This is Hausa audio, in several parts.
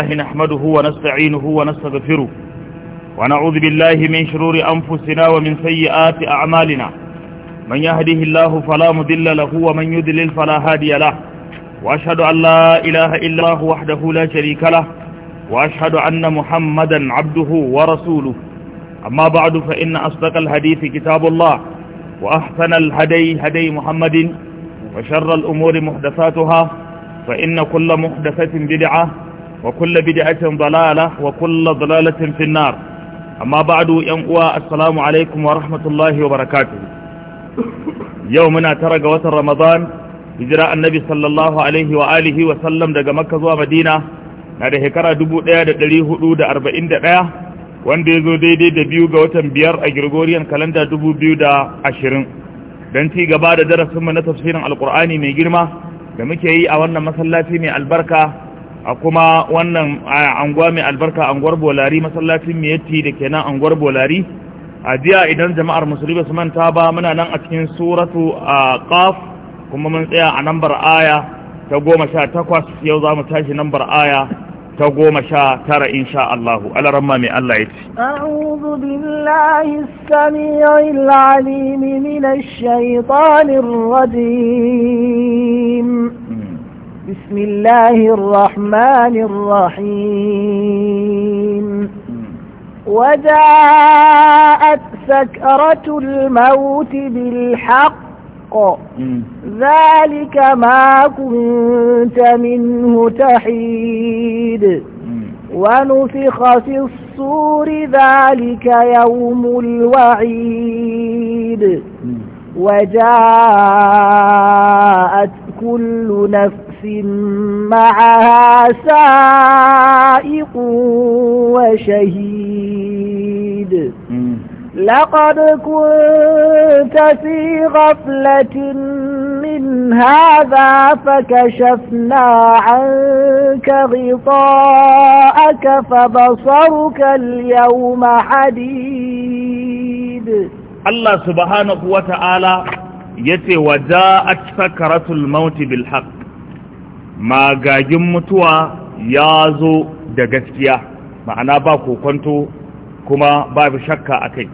الله نحمده ونستعينه ونستغفره ونعوذ بالله من شرور أنفسنا ومن سيئات أعمالنا من يهده الله فلا مضل له ومن يذلل فلا هادي له وأشهد أن لا إله إلا الله وحده لا شريك له وأشهد أن محمدا عبده ورسوله أما بعد فإن أصدق الحديث كتاب الله وأحسن الهدي هدي محمد وشر الأمور محدثاتها فإن كل محدثة بدعة wa kulle bidi'atin dalala wa kulle dalalatin finnar amma ba'du yan uwa assalamu alaikum wa rahmatullahi wa barakatuh yau muna tara ga watan ramadan hijira annabi sallallahu alaihi wa alihi wa sallam daga makka zuwa madina na da ɗaya, wanda ya zo daidai da biyu ga watan biyar a gregorian da ashirin, dan ci gaba da darasin mu na tafsirin alqur'ani mai girma da muke yi a wannan masallaci mai albarka a kuma wannan anguwa mai albarka anguwar bolari masallacin miyatti da ke nan anguwar bolari a jiya idan jama'ar musulmi su manta ba muna nan a cikin suratu a qaf kuma mun tsaya a nambar aya ta goma sha takwas yau za mu tashi nambar aya ta goma sha tara insha Allah alaramma mai Allah ya ce a'udhu billahi as-sami'il 'alim minash shaitanir rajim hmm. بسم الله الرحمن الرحيم وجاءت سكرة الموت بالحق ذلك ما كنت منه تحيد ونفخ في الصور ذلك يوم الوعيد وجاءت كل نفس معها سائق وشهيد لقد كنت في غفلة من هذا فكشفنا عنك غطاءك فبصرك اليوم حديد Allah subhanahu wa ta'ala ya ce wa a sakaratul mauti bil haq magagin mutuwa ya zo da gaskiya ma'ana ba kokonto kuma babu shakka a kai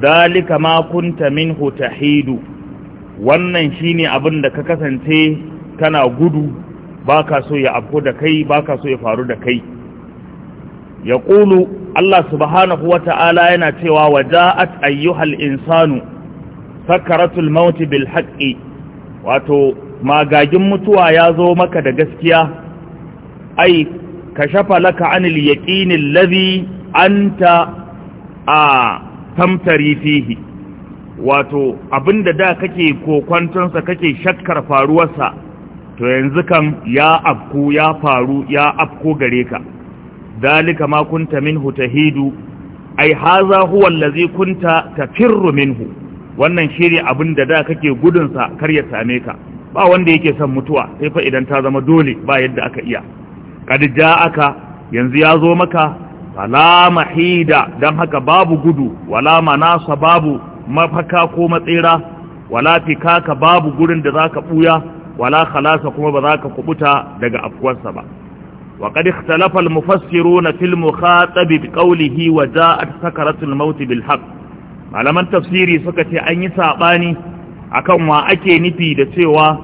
dalika ma kunta minhu hidu. wannan shine abin da ka kasance kana gudu ba ka so ya afko da kai ba ka so ya faru da kai ya ƙulu Allah subhanahu wa ta'ala yana cewa wa ja'at ayyuhal insanu sakaratul mauti bil haƙi wato magagin mutuwa ya zo maka da gaskiya ai ka shafa laka anil yaƙinin lazi ta, a tamtari fihi wato abinda da kake kokwantonsa kake shakkar faruwarsa to yanzu kan ya afku ya faru ya afko gare ka dalika ma kunta minhu tahidu ai haza huwa allazi kunta tafirru minhu wannan shiri abin da da kake gudunsa kar ya same ka ba wanda yake son mutuwa sai fa idan ta zama dole ba yadda aka iya kad ja'aka yanzu ya zo maka fala mahida dan haka babu gudu wala manasa babu mafaka ko matsira wala fikaka babu gurin da zaka buya wala khalasa kuma ba zaka kubuta daga afkuwarsa ba وقد اختلف المفسرون في المخاطب بقوله وجاءت سكرة الموت بالحق malaman tafsiri suka ce an yi saɓani akan wa ake nufi da cewa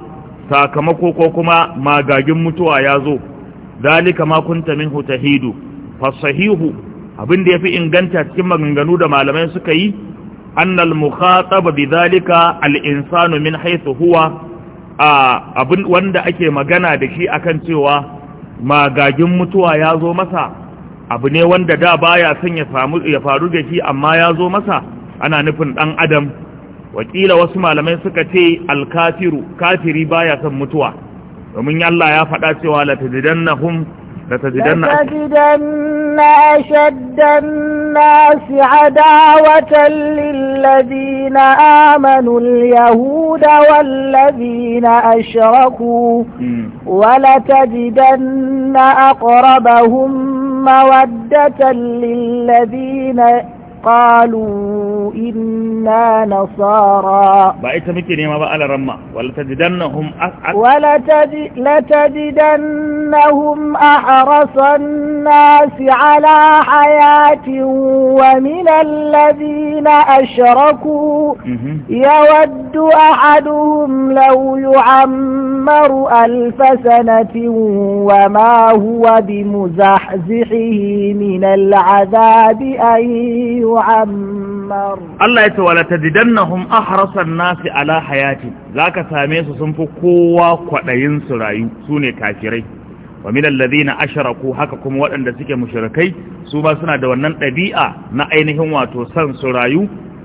sakamako ko kuma magagin mutuwa ya zo zalika ma kunta minhu tahidu fasahihu abin da yafi inganta cikin maganganu da malamai suka yi annal mukhatab bi zalika al insanu min haythu huwa abin wanda ake magana da shi akan cewa magagin mutuwa ya zo masa abu ne wanda da baya son ya samu ya faru da shi amma ya zo masa ana nufin dan adam wakila wasu malamai suka ce alkafiru kafiri baya son mutuwa domin Allah ya faɗa cewa latadidannahum لتجدن, لتجدن أشد الناس عداوة للذين آمنوا اليهود والذين أشركوا ولتجدن أقربهم مودة للذين قالوا إنا نصارى بقيت مكي نيما بقى رمى ولتجدنهم أسعد ولتج... أحرص الناس على حياة ومن الذين أشركوا يود أحدهم لو يعمر ألف سنة وما هو بمزحزحه من العذاب أن يعمر الله يتوى ولتجدنهم أحرص الناس على حياتي ذاك ساميس سنفو قوة قدين سرايو سوني كافري ومن الذين أشركوا حقكم وأن دسك مشركي سوما سنة دوانن طبيعة نأينهم واتو سن سرايو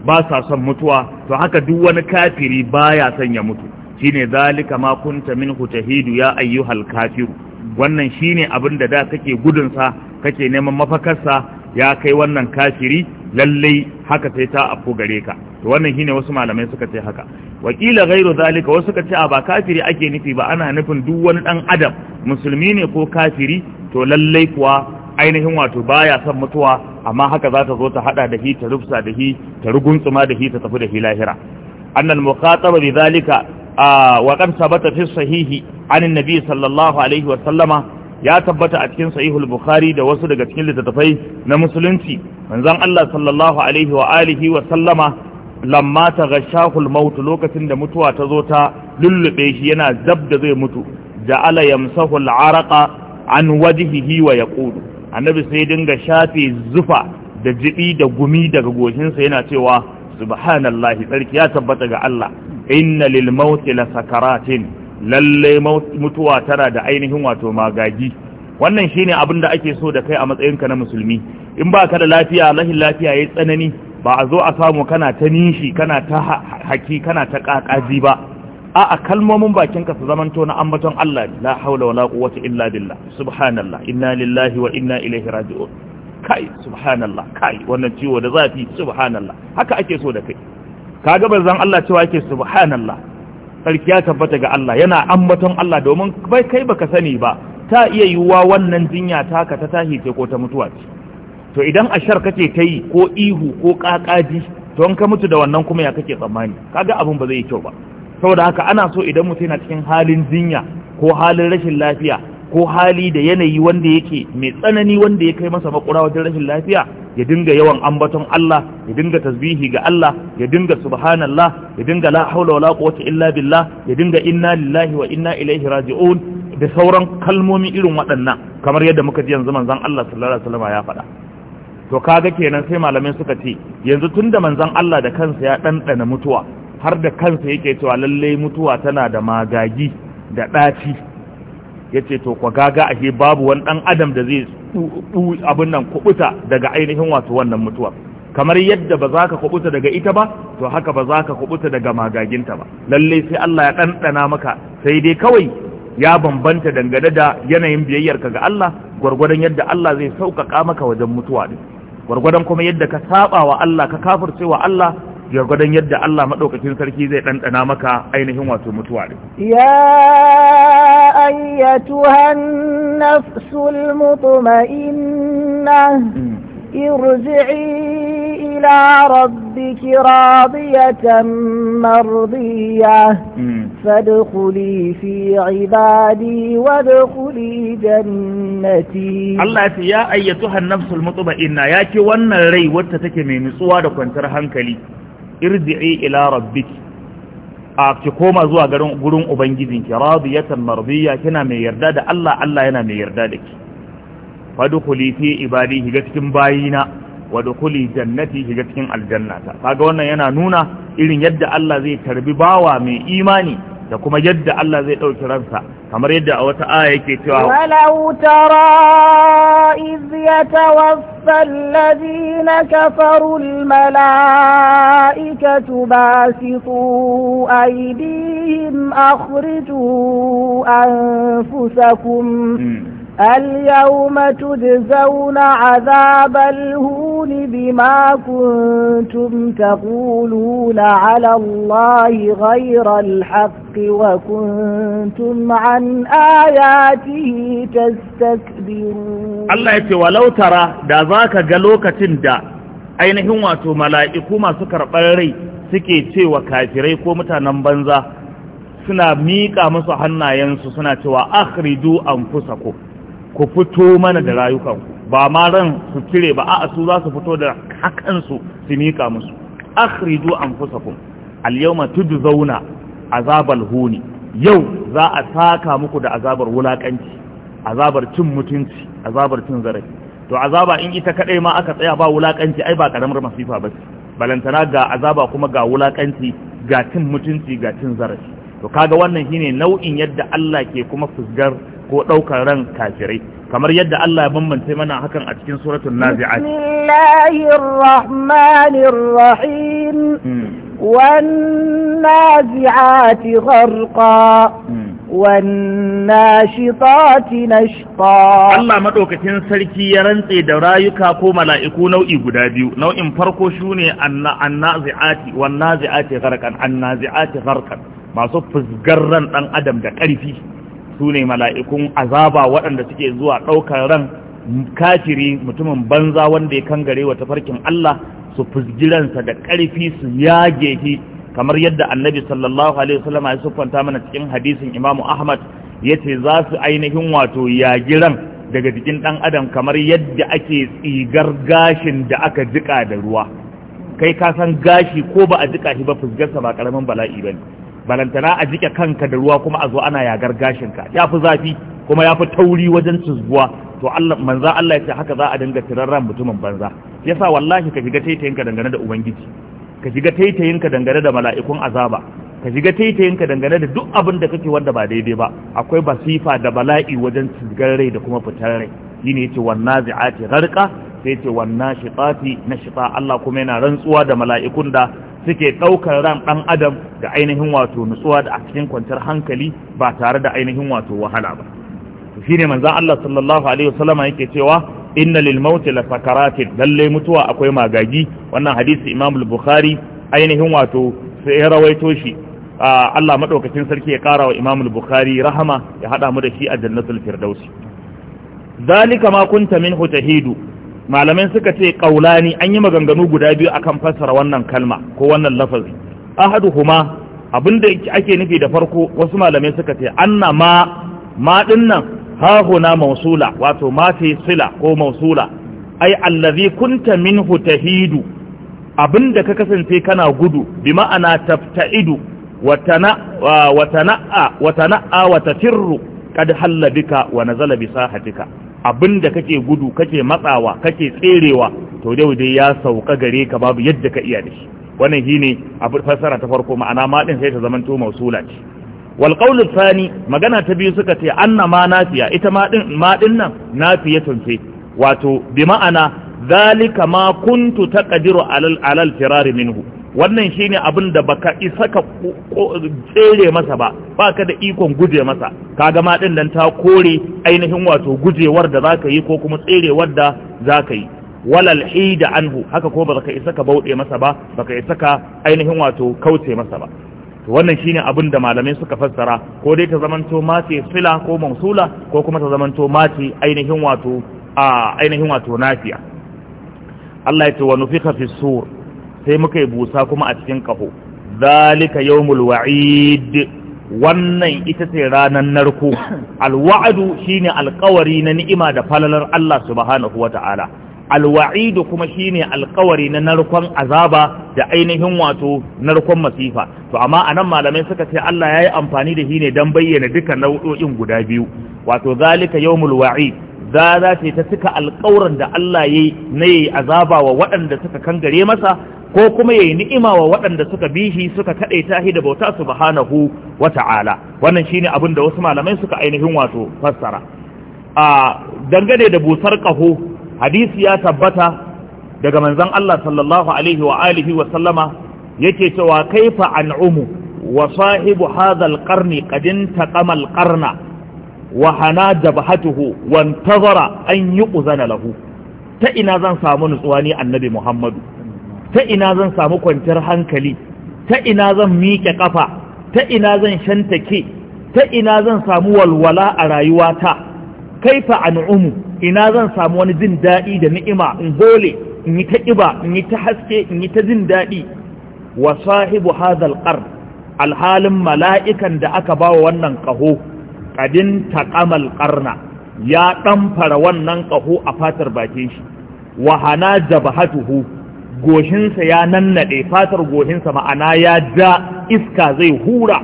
باسا سن متوى فحكا دوان كافري بايا سن يمتو shine zalika ma kunta minhu tahidu ya ayyuhal kafiru wannan shine abin da da kake gudun sa kake neman mafakarsa ya kai wannan kafiri lallai haka sai ta afko gare ka to wannan shine wasu malamai suka ce haka wakila ghairu zalika wasu suka ce a ba kafiri ake nufi ba ana nufin duk wani dan adam musulmi ne ko kafiri to lallai kuwa ainihin wato baya son mutuwa amma haka za ta zo ta hada da hi ta rufsa da hi ta ruguntsuma da hi ta tafi da hi lahira annal mukhataba bi zalika wa qad sabata fi sahihi an annabi sallallahu alaihi wa sallama ya tabbata a cikin sahihul bukhari da wasu daga cikin littattafai na musulunci manzon Allah sallallahu alaihi wa alihi wa sallama lamma ta gashahul maut lokacin da mutuwa ta zo ta lullube shi yana zab da zai mutu ja'ala yamsahu al'araqa an wajhihi wa yaqulu annabi sai dinga shafe zufa da jibi da gumi daga goshinsa yana cewa subhanallahi tsarki ya tabbata ga Allah inna lil mauti la sakaratin lalle mutuwa tana da ainihin wato magagi wannan shine abin da ake so da kai a matsayinka na musulmi in ba ka da lafiya rashin lafiya ya tsanani ba a zo a samu kana ta nishi kana ta haki kana ta kakaji ba a a kalmomin bakinka su zamanto na ambaton Allah la haula wala quwwata illa billah subhanallah inna lillahi wa inna ilaihi raji'un kai subhanallah kai wannan ciwo da zafi subhanallah haka ake so da kai kaga bazan Allah cewa yake subhanallah sarki ya tabbata ga Allah yana ambaton Allah domin bai kai baka sani ba ta iya yiwuwa wannan jinya taka ta tahi ce ko ta mutuwa ce to idan ashar kake ta yi ko ihu ko kakaji to an ka mutu da wannan kuma ya kake tsammani kaga abin ba zai yi kyau ba saboda haka ana so idan mutum yana cikin halin jinya ko halin rashin lafiya ko hali da yanayi wanda yake mai tsanani wanda ya kai masa makura wajen rashin lafiya ya dinga yawan ambaton Allah ya dinga tasbihi ga Allah ya dinga subhanallah ya dinga la haula wala quwwata illa billah ya dinga inna lillahi wa inna ilaihi raji'un da sauran kalmomi irin waɗannan kamar yadda muka ji yanzu manzon Allah sallallahu alaihi wasallam ya faɗa to kaga kenan sai malamin suka ce yanzu tun da manzon Allah da kansa ya ɗanɗana mutuwa har da kansa yake cewa lallai mutuwa tana da magagi da ɗaci yace ce to kwa gaga ahe babu wani dan adam da zai abun nan kubuta daga ainihin wato wannan mutuwa kamar yadda ba za ka kubuta daga ita ba to haka ba za ka kubuta daga magaginta ba lallai sai Allah ya ɗanɗana maka sai dai kawai ya bambanta dangane da yanayin biyayyarka ga Allah gwargwadon yadda Allah zai sauƙaƙa maka wajen mutuwa din gwargwadon kuma yadda ka saba wa Allah ka kafirce wa Allah gwargwadon yadda Allah maɗaukakin sarki zai ɗanɗana maka ainihin wato mutuwa ne ya ayyatuhan nafsul mutmainna hmm. ارجعي إلى ربك راضية مرضية فادخلي في عبادي وادخلي جنتي الله يا أيتها النفس المطمئنة يا كوانا ري واتتك من سوادك وانترها هنكلي ارجعي إلى ربك a ki koma zuwa garin gurin ubangijinki radiyatan mardiya kina mai yarda da Allah Allah yana mai yarda da ki fadkhuli fi ibadi shiga cikin bayina wa jannati higa cikin aljannata kaga wannan yana nuna irin yadda Allah zai karbi bawa mai imani da kuma yadda Allah zai dauki ransa kamar yadda a wata aya yake cewa walau tara iz yatawaffa alladhina kafaru almalaikatu basitu aydihim akhriju anfusakum hmm. اليوم تجزون عذاب الهون بما كنتم تقولون على الله غير الحق وكنتم عن آياته تستكبرون الله يتي ولو ترى دا ذاك قلوكة دا ainihin wato mala'iku masu karɓar rai suke cewa kafirai ko mutanen banza suna miƙa musu hannayensu suna cewa akhriju anfusakum ku fito mana da ku. ba ma ran su cire ba a'a su za su fito da hakansu su mika musu akhriju anfusakum alyawma yawma tujzauna azabal huni yau za a saka muku da azabar wulakanci azabar cin mutunci azabar cin zarafi to azaba in ita kaɗai ma aka tsaya ba wulakanci ai ba karamar masifa ba balantana ga azaba kuma ga wulakanci ga cin mutunci ga cin zarafi to kaga wannan shine nau'in yadda Allah ke kuma fusgar ko ɗaukar ran kafirai kamar yadda Allah ya bambance mana hakan a cikin suratul nazi'at bismillahir rahmanir rahim hmm. wan nazi'ati gharqa hmm. wan nashitati nashqa Allah madaukakin sarki ya rantse da rayuka ko mala'iku nau'i guda biyu nau'in farko shine annazi'ati wan nazi'ati gharqan annazi'ati gharqan masu fusgarran dan adam da ƙarfi su ne mala'ikun azaba waɗanda suke zuwa ɗaukar ran kafiri mutumin banza wanda ya kangare wa tafarkin Allah su fusgiransa da ƙarfi su yage shi kamar yadda annabi sallallahu alaihi wasallam ya siffanta mana cikin hadisin imamu ahmad ce za su ainihin wato yagiran daga jikin ɗan adam kamar yadda ake tsigar gashin da aka jika da ruwa kai ka san gashi ko ba a jika shi ba fusgarsa ba ƙaramin bala'i ba ne. balantana a jike kanka da ruwa kuma a zo ana yagar gashinka ya fi zafi kuma ya fi tauri wajen cizguwa to Allah manza Allah ya ce haka za a dinga tirarran mutumin banza yasa wallahi ka shiga taitayinka dangane da ubangiji ka shiga taitayinka dangane da mala'ikun azaba ka shiga taitayinka dangane da duk abin da kake wanda ba daidai ba akwai basifa da bala'i wajen cizgar rai da kuma fitar rai shine yace wanna zi'ati gharqa sai yace wanna shiqati na shiqa Allah kuma yana rantsuwa da mala'ikun da suke ɗaukar ran ɗan adam da ainihin wato nutsuwa da a cikin kwanciyar hankali ba tare da ainihin wato wahala ba shi ne manzan Allah sallallahu alaihi wasallama yake cewa inna lil mauti la sakaratin lalle mutuwa akwai magagi wannan hadisi Imam al-Bukhari ainihin wato sai ya rawaito shi Allah madaukakin sarki ya wa Imam al-Bukhari rahama ya hada mu da shi a jannatul firdausi zalika ma kunta minhu tahidu malamai suka ce kaulani an yi maganganu guda biyu akan fassara wannan kalma ko wannan lafazi ahadu huma abinda ake nufi da farko wasu malamai suka ce anna ma ma dinnan ha huna mausula wato ma fi sila ko mausula ai allazi kunta minhu tahidu abinda ka kasance kana gudu bi ma'ana wa watana'a wa watatirru kad halla bika wa nazala bi sahatika abin da kake gudu kake matsawa kake tserewa to dai dai ya sauka gare ka babu yadda ka iya da shi wannan shine a fassara ta farko ma'ana ma din sai ta zamanto mausula ce wal qawl thani magana ta biyu suka ce anna ma nafiya ita ma din ma din nan nafiyatun wato bi ma'ana zalika ma kuntu taqdiru alal alal firari minhu wannan shine abin da baka isa ka tsere masa ba ba ka da ikon guje masa kaga ma din nan ta kore ainihin wato gujewar da zaka yi ko kuma tserewar da zaka yi walal da anhu haka ko baka isa ka bauɗe masa ba baka isa ka ainihin wato kauce masa ba wannan shine abin da malamai suka fassara ko dai ta zamanto mace fila ko mansula ko kuma ta zamanto mace ainihin wato a ainihin wato nafiya Allah ya ce wa nufi fi sur sai muka yi busa kuma a cikin ƙaho zalika yawmul wa'id wannan ita ce ranar narko alwa'adu shine alkawari na ni'ima da falalar Allah subhanahu wata'ala alwa'idu kuma shine alkawari na narkon azaba da ainihin wato narkon masifa to amma anan malamai suka ce Allah yayi amfani da shi ne dan bayyana duka nau'o'in guda biyu wato zalika yawmul wa'id za za ce ta cika alƙawuran da Allah yayi na yi azaba wa waɗanda suka kangare masa ko kuma yayi ni'ima wa waɗanda suka bi shi suka kaɗe shi da bauta subhanahu wata'ala wannan shine abin da wasu malamai suka ainihin wato fassara a dangane da busar kaho hadisi ya tabbata daga manzon Allah sallallahu alaihi wa alihi wa sallama yake cewa kaifa an'umu wa sahibu hadha alqarni qad intaqama alqarna wa hana jabhatuhu wa intazara an yuqzana lahu ta ina zan samu nutsuwa ni annabi Muhammadu ta ina zan samu kwanciyar hankali ta ina zan miƙe ƙafa ta ina zan shantake ta ina zan samu walwala a rayuwata kaifa an'umu ina zan samu wani jin daɗi da ni'ima in gole in yi ta ƙiba in yi ta haske in yi ta jin daɗi wa sahibu hazal ƙar, alhalin mala'ikan da aka ba wa wannan ƙaho kadin taqamal qarna ya ɗamfara wannan ƙaho a fatar bakin shi wa hana jabahatuhu goshinsa ya nannaɗe fatar goshinsa ma'ana ya ja iska zai hura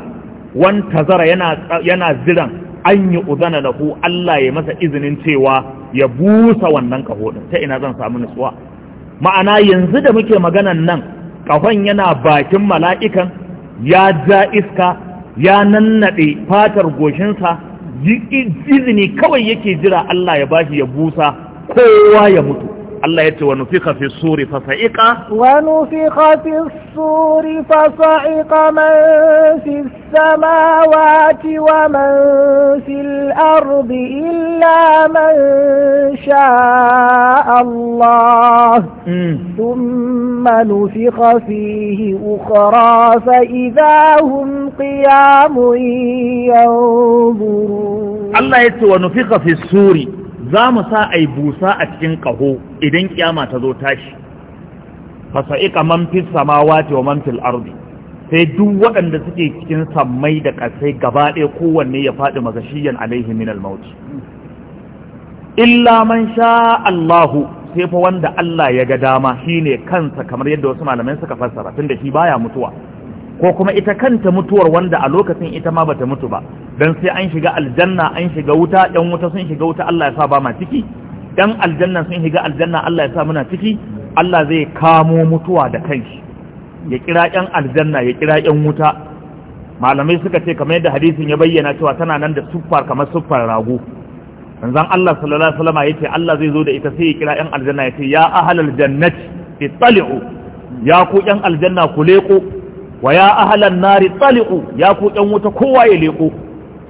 wan tazara yana yana ziran an yi udana ku Allah ya masa izinin cewa ya busa wannan kaho din ta ina zan samu nutsuwa ma'ana yanzu da muke maganan nan kahon yana bakin mala'ikan ya ja iska ya nannaɗe fatar goshinsa izini kawai yake jira Allah ya bashi ya busa kowa ya mutu الله يتي ونفخ في الصور فصعق ونفخ في الصور فصعق من في السماوات ومن في الأرض إلا من شاء الله ثم نفخ فيه أخرى فإذا هم قيام ينظرون الله يتي ونفخ في الصور za mu sa a yi busa a cikin ƙaho idan ƙyama ta zo tashi fasa'ika manfis samawati wa manfil ardi sai duk waɗanda suke cikin sammai da ƙasai gaba ɗaya kowanne ya faɗi mazashiyan alaihi min almauti illa man sha Allahu sai fa wanda Allah ya ga dama shine kansa kamar yadda wasu malamai suka fassara tunda shi baya mutuwa ko kuma ita kanta mutuwar wanda a lokacin ita ma bata mutu ba dan sai an shiga aljanna an shiga wuta dan wuta sun shiga wuta Allah ya sa ba ma ciki dan aljanna sun shiga aljanna Allah ya sa muna ciki Allah zai kamo mutuwa da kanshi ya kira ɗan aljanna ya kira yan wuta malamai suka ce kamar yadda hadisin ya bayyana cewa tana nan da suffar kamar suffar rago manzon Allah sallallahu alaihi wasallam yace Allah zai zo da ita sai ya kira ɗan aljanna yace ya ahlal jannati ittali'u ya ku yan aljanna ku leko wa ya ahlan nari taliqu ya ku wuta kowa ya leko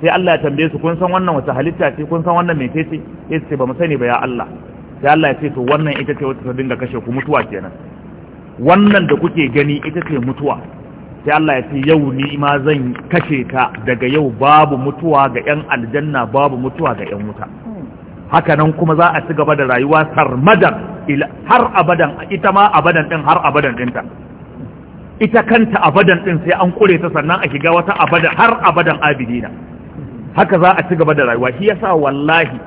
sai Allah ya tambaye su kun san wannan wata halitta ce kun san wannan mece ce sai ce ba mu sani ba ya Allah sai Allah ya ce to wannan ita ce wata ta dinga kashe ku mutuwa kenan wannan da kuke gani ita ce mutuwa sai Allah ya ce yau ni ma zan kashe ta daga yau babu mutuwa ga yan aljanna babu mutuwa ga yan wuta haka nan kuma za a ci gaba da rayuwa sarmadan har abadan ita ma abadan din har abadan ɗinta ita kanta abadan din sai an kure ta sannan a shiga wata abada har abadan abidina haka za a ci gaba da rayuwa shi yasa wallahi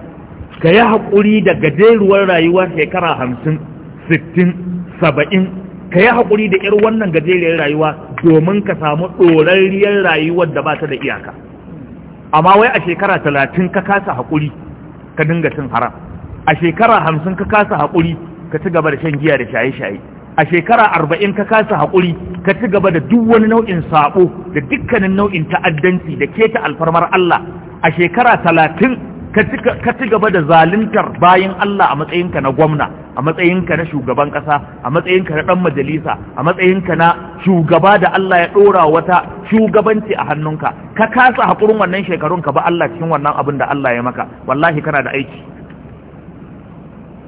ka yi haƙuri da gajeruwar rayuwa shekara hamsin sittin saba'in ka yi haƙuri da irin wannan gajeriyar rayuwa domin ka samu ɗorarriyar rayuwar da ba ta da iyaka amma wai a shekara talatin ka kasa haƙuri ka dinga cin haram a shekara hamsin ka kasa haƙuri ka ci gaba da shan giya da shaye-shaye a shekara arba'in ka kasa haƙuri ka ci gaba da duk wani nau'in saƙo da dukkanin nau'in ta'addanci da keta alfarmar Allah a shekara talatin ka ci gaba da zaluntar bayan Allah a matsayinka na gwamna a matsayinka na shugaban ƙasa a matsayinka na ɗan majalisa a matsayinka na shugaba da Allah ya ɗora wata shugabanci a hannunka ka kasa haƙurin wannan shekarun ka ba Allah cikin wannan abin da Allah ya maka wallahi kana da aiki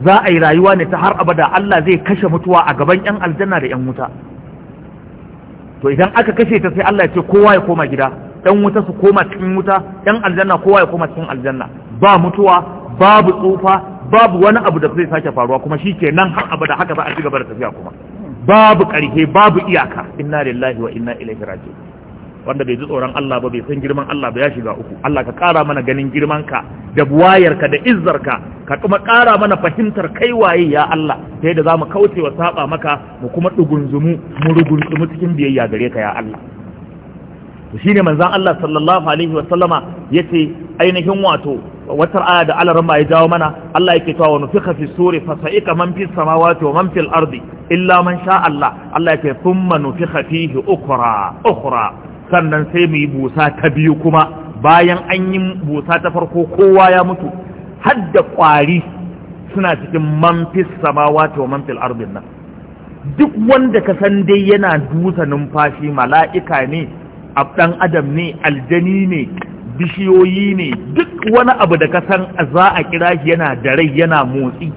za a yi rayuwa ne ta har abada Allah zai kashe mutuwa a gaban yan aljanna da yan wuta to idan aka kashe ta sai Allah ya ce kowa ya koma gida yan wuta su koma cikin wuta yan aljanna kowa ya koma cikin aljanna ba mutuwa babu tsufa babu wani abu da zai sake faruwa kuma shi ke nan har abada haka za a ci gaba da tafiya kuma babu ƙarfe babu iyaka inna lillahi wa inna ilaihi raji'un wanda bai ji tsoron Allah ba bai san girman Allah ba ya shiga uku Allah ka ƙara mana ganin girman ka da buwayarka da izzarka ka kuma ƙara mana fahimtar kai waye ya Allah sai da zamu kauce wa saba maka mu kuma dugunzumu mu rugunzumu cikin biyayya gare ka ya Allah to shine manzon Allah sallallahu alaihi wa sallama yace ainihin wato watar aya da alarma ya jawo mana Allah yake cewa wa nufikha fi suri fa sa'ika man fi samawati wa man fil ardi illa man sha Allah Allah yake thumma nufikha fihi ukhra ukhra sannan sai mu yi busa ta biyu kuma bayan an yi busa ta farko kowa ya mutu har da ƙwari suna cikin manfis samawa ta manfil ardin nan duk wanda ka san dai yana dusa numfashi mala'ika ne ɗan adam ne aljani ne bishiyoyi ne duk wani abu da ka san za a kira shi yana da rai yana motsi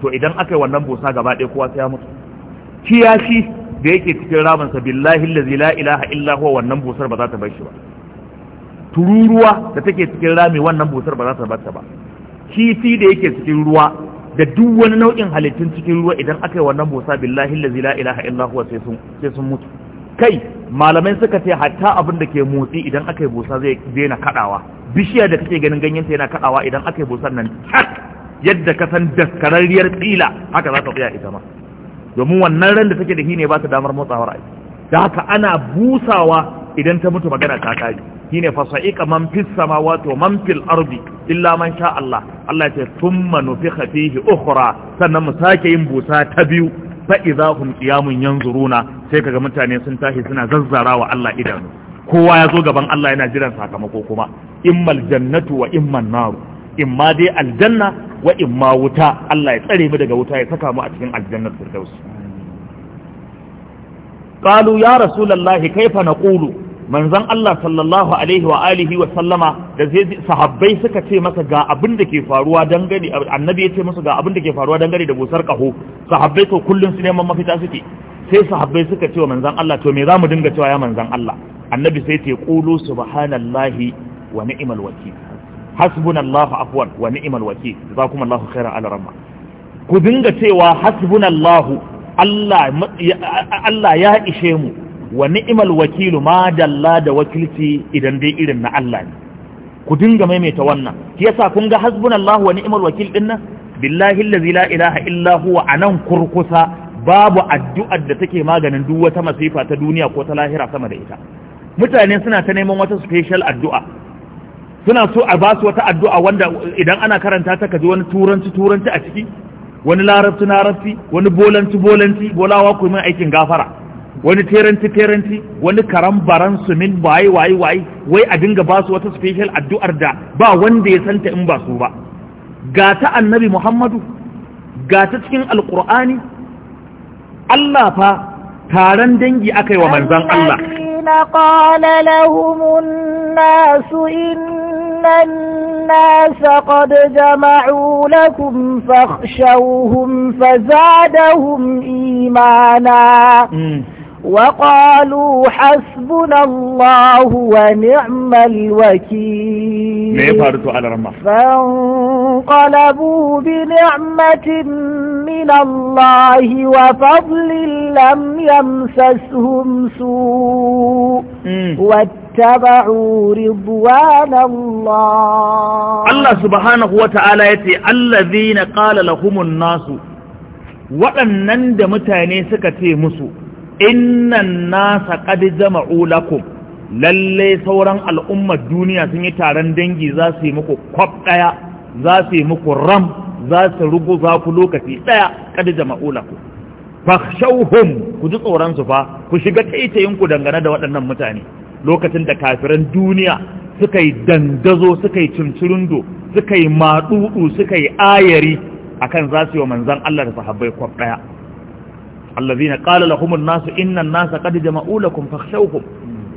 to idan aka yi wannan busa gaba ɗaya kowa sai ya mutu kiyashi da yake cikin ramansa billahi allazi la ilaha illa huwa wannan busar ba za ta bashi shi ba tururuwa da take cikin rami wannan busar ba za ta bata ba kifi da yake cikin ruwa da duk wani nau'in halittun cikin ruwa idan aka yi wannan busa billahi allazi la ilaha illa huwa sai sun sai sun mutu kai malamai suka ce hatta abin da ke motsi idan aka yi busa zai daina kadawa bishiya da kake ganin ganyen ta yana kadawa idan aka yi nan yadda ka san daskararriyar tsila haka za ta tsaya ita ma domin wannan ran da take da shi ne ba ta damar motsawar aiki da haka ana busawa idan ta mutu magana ta kare shi ne fasa'ika man fis samawati wa man fil ardi illa man sha Allah Allah ya ce thumma nufikha fihi ukhra sannan mu sake yin busa ta biyu fa idza hum qiyamun yanzuruna sai kaga mutane sun tashi suna zazzarawa Allah idanu kowa ya zo gaban Allah yana jiran sakamako kuma immal jannatu wa imman naru in ma dai aljanna wa in ma wuta Allah ya tsare mu daga wuta ya saka mu a cikin aljannar firdaus qalu ya rasulullahi kaifa naqulu manzon Allah sallallahu alaihi wa alihi wa sallama da sai sahabbai suka ce masa ga abin da ke faruwa dangane annabi ya ce musu ga abin da ke faruwa dangane da busar kaho sahabbai to kullun su neman mafita suke sai sahabbai suka ce wa manzon Allah to me za mu dinga cewa ya manzon Allah annabi sai ce qulu subhanallahi wa ni'mal wakil hasbunallahu afwan wa ni'mal wakil jazakumullahu khairan ala ramma ku dinga cewa hasbunallahu Allah Allah ya ishe mu wa ni'mal wakilu ma dalla da wakilci idan dai irin na Allah ne ku dinga maimaita wannan shi yasa kun ga hasbunallahu wa ni'mal wakil din nan billahi allazi la ilaha illa huwa anan kurkusa babu addu'ar da take maganin duk wata masifa ta duniya ko ta lahira sama da ita mutane suna ta neman wata special addu'a suna so a ba su wata addu'a wanda idan ana karanta ta kaji wani turanci turanci a ciki wani larabci larabci wani bolanci bolanci bolawa ku min aikin gafara wani teranci teranci wani karam baran su min waye waye waye wai a dinga ba su wata special addu'ar da ba wanda ya santa in ba su ba ga ta annabi muhammadu ga ta cikin alkur'ani allah fa taron dangi aka wa manzan allah قال لهم الناس الناس قد جمعوا لكم فاخشوهم فزادهم إيمانا وقالوا حسبنا الله ونعم الوكيل فانقلبوا بنعمة من الله وفضل لم يمسسهم سوء واتبعوا رضوان الله الله سبحانه وتعالى يتي الذين قال لهم الناس waɗannan da mutane suka ce musu innan nasa qad jama'u lakum lalle sauran al'ummar duniya sun yi taron dangi za su yi muku kwab ɗaya, za su yi muku ram za su rugu za ku lokaci ɗaya, qad jama'u lakum fakhshawhum ku ji tsoron su fa ku shiga taitayin ku dangane da waɗannan mutane lokacin da kafiran duniya suka yi dandazo suka yi cimcirundo, suka yi maɗuɗu suka yi ayari akan za su yi wa manzan Allah da sahabbai kwab ɗaya allazina qala lahum an nasu innan nasa qad jama'u lakum fakhshawhum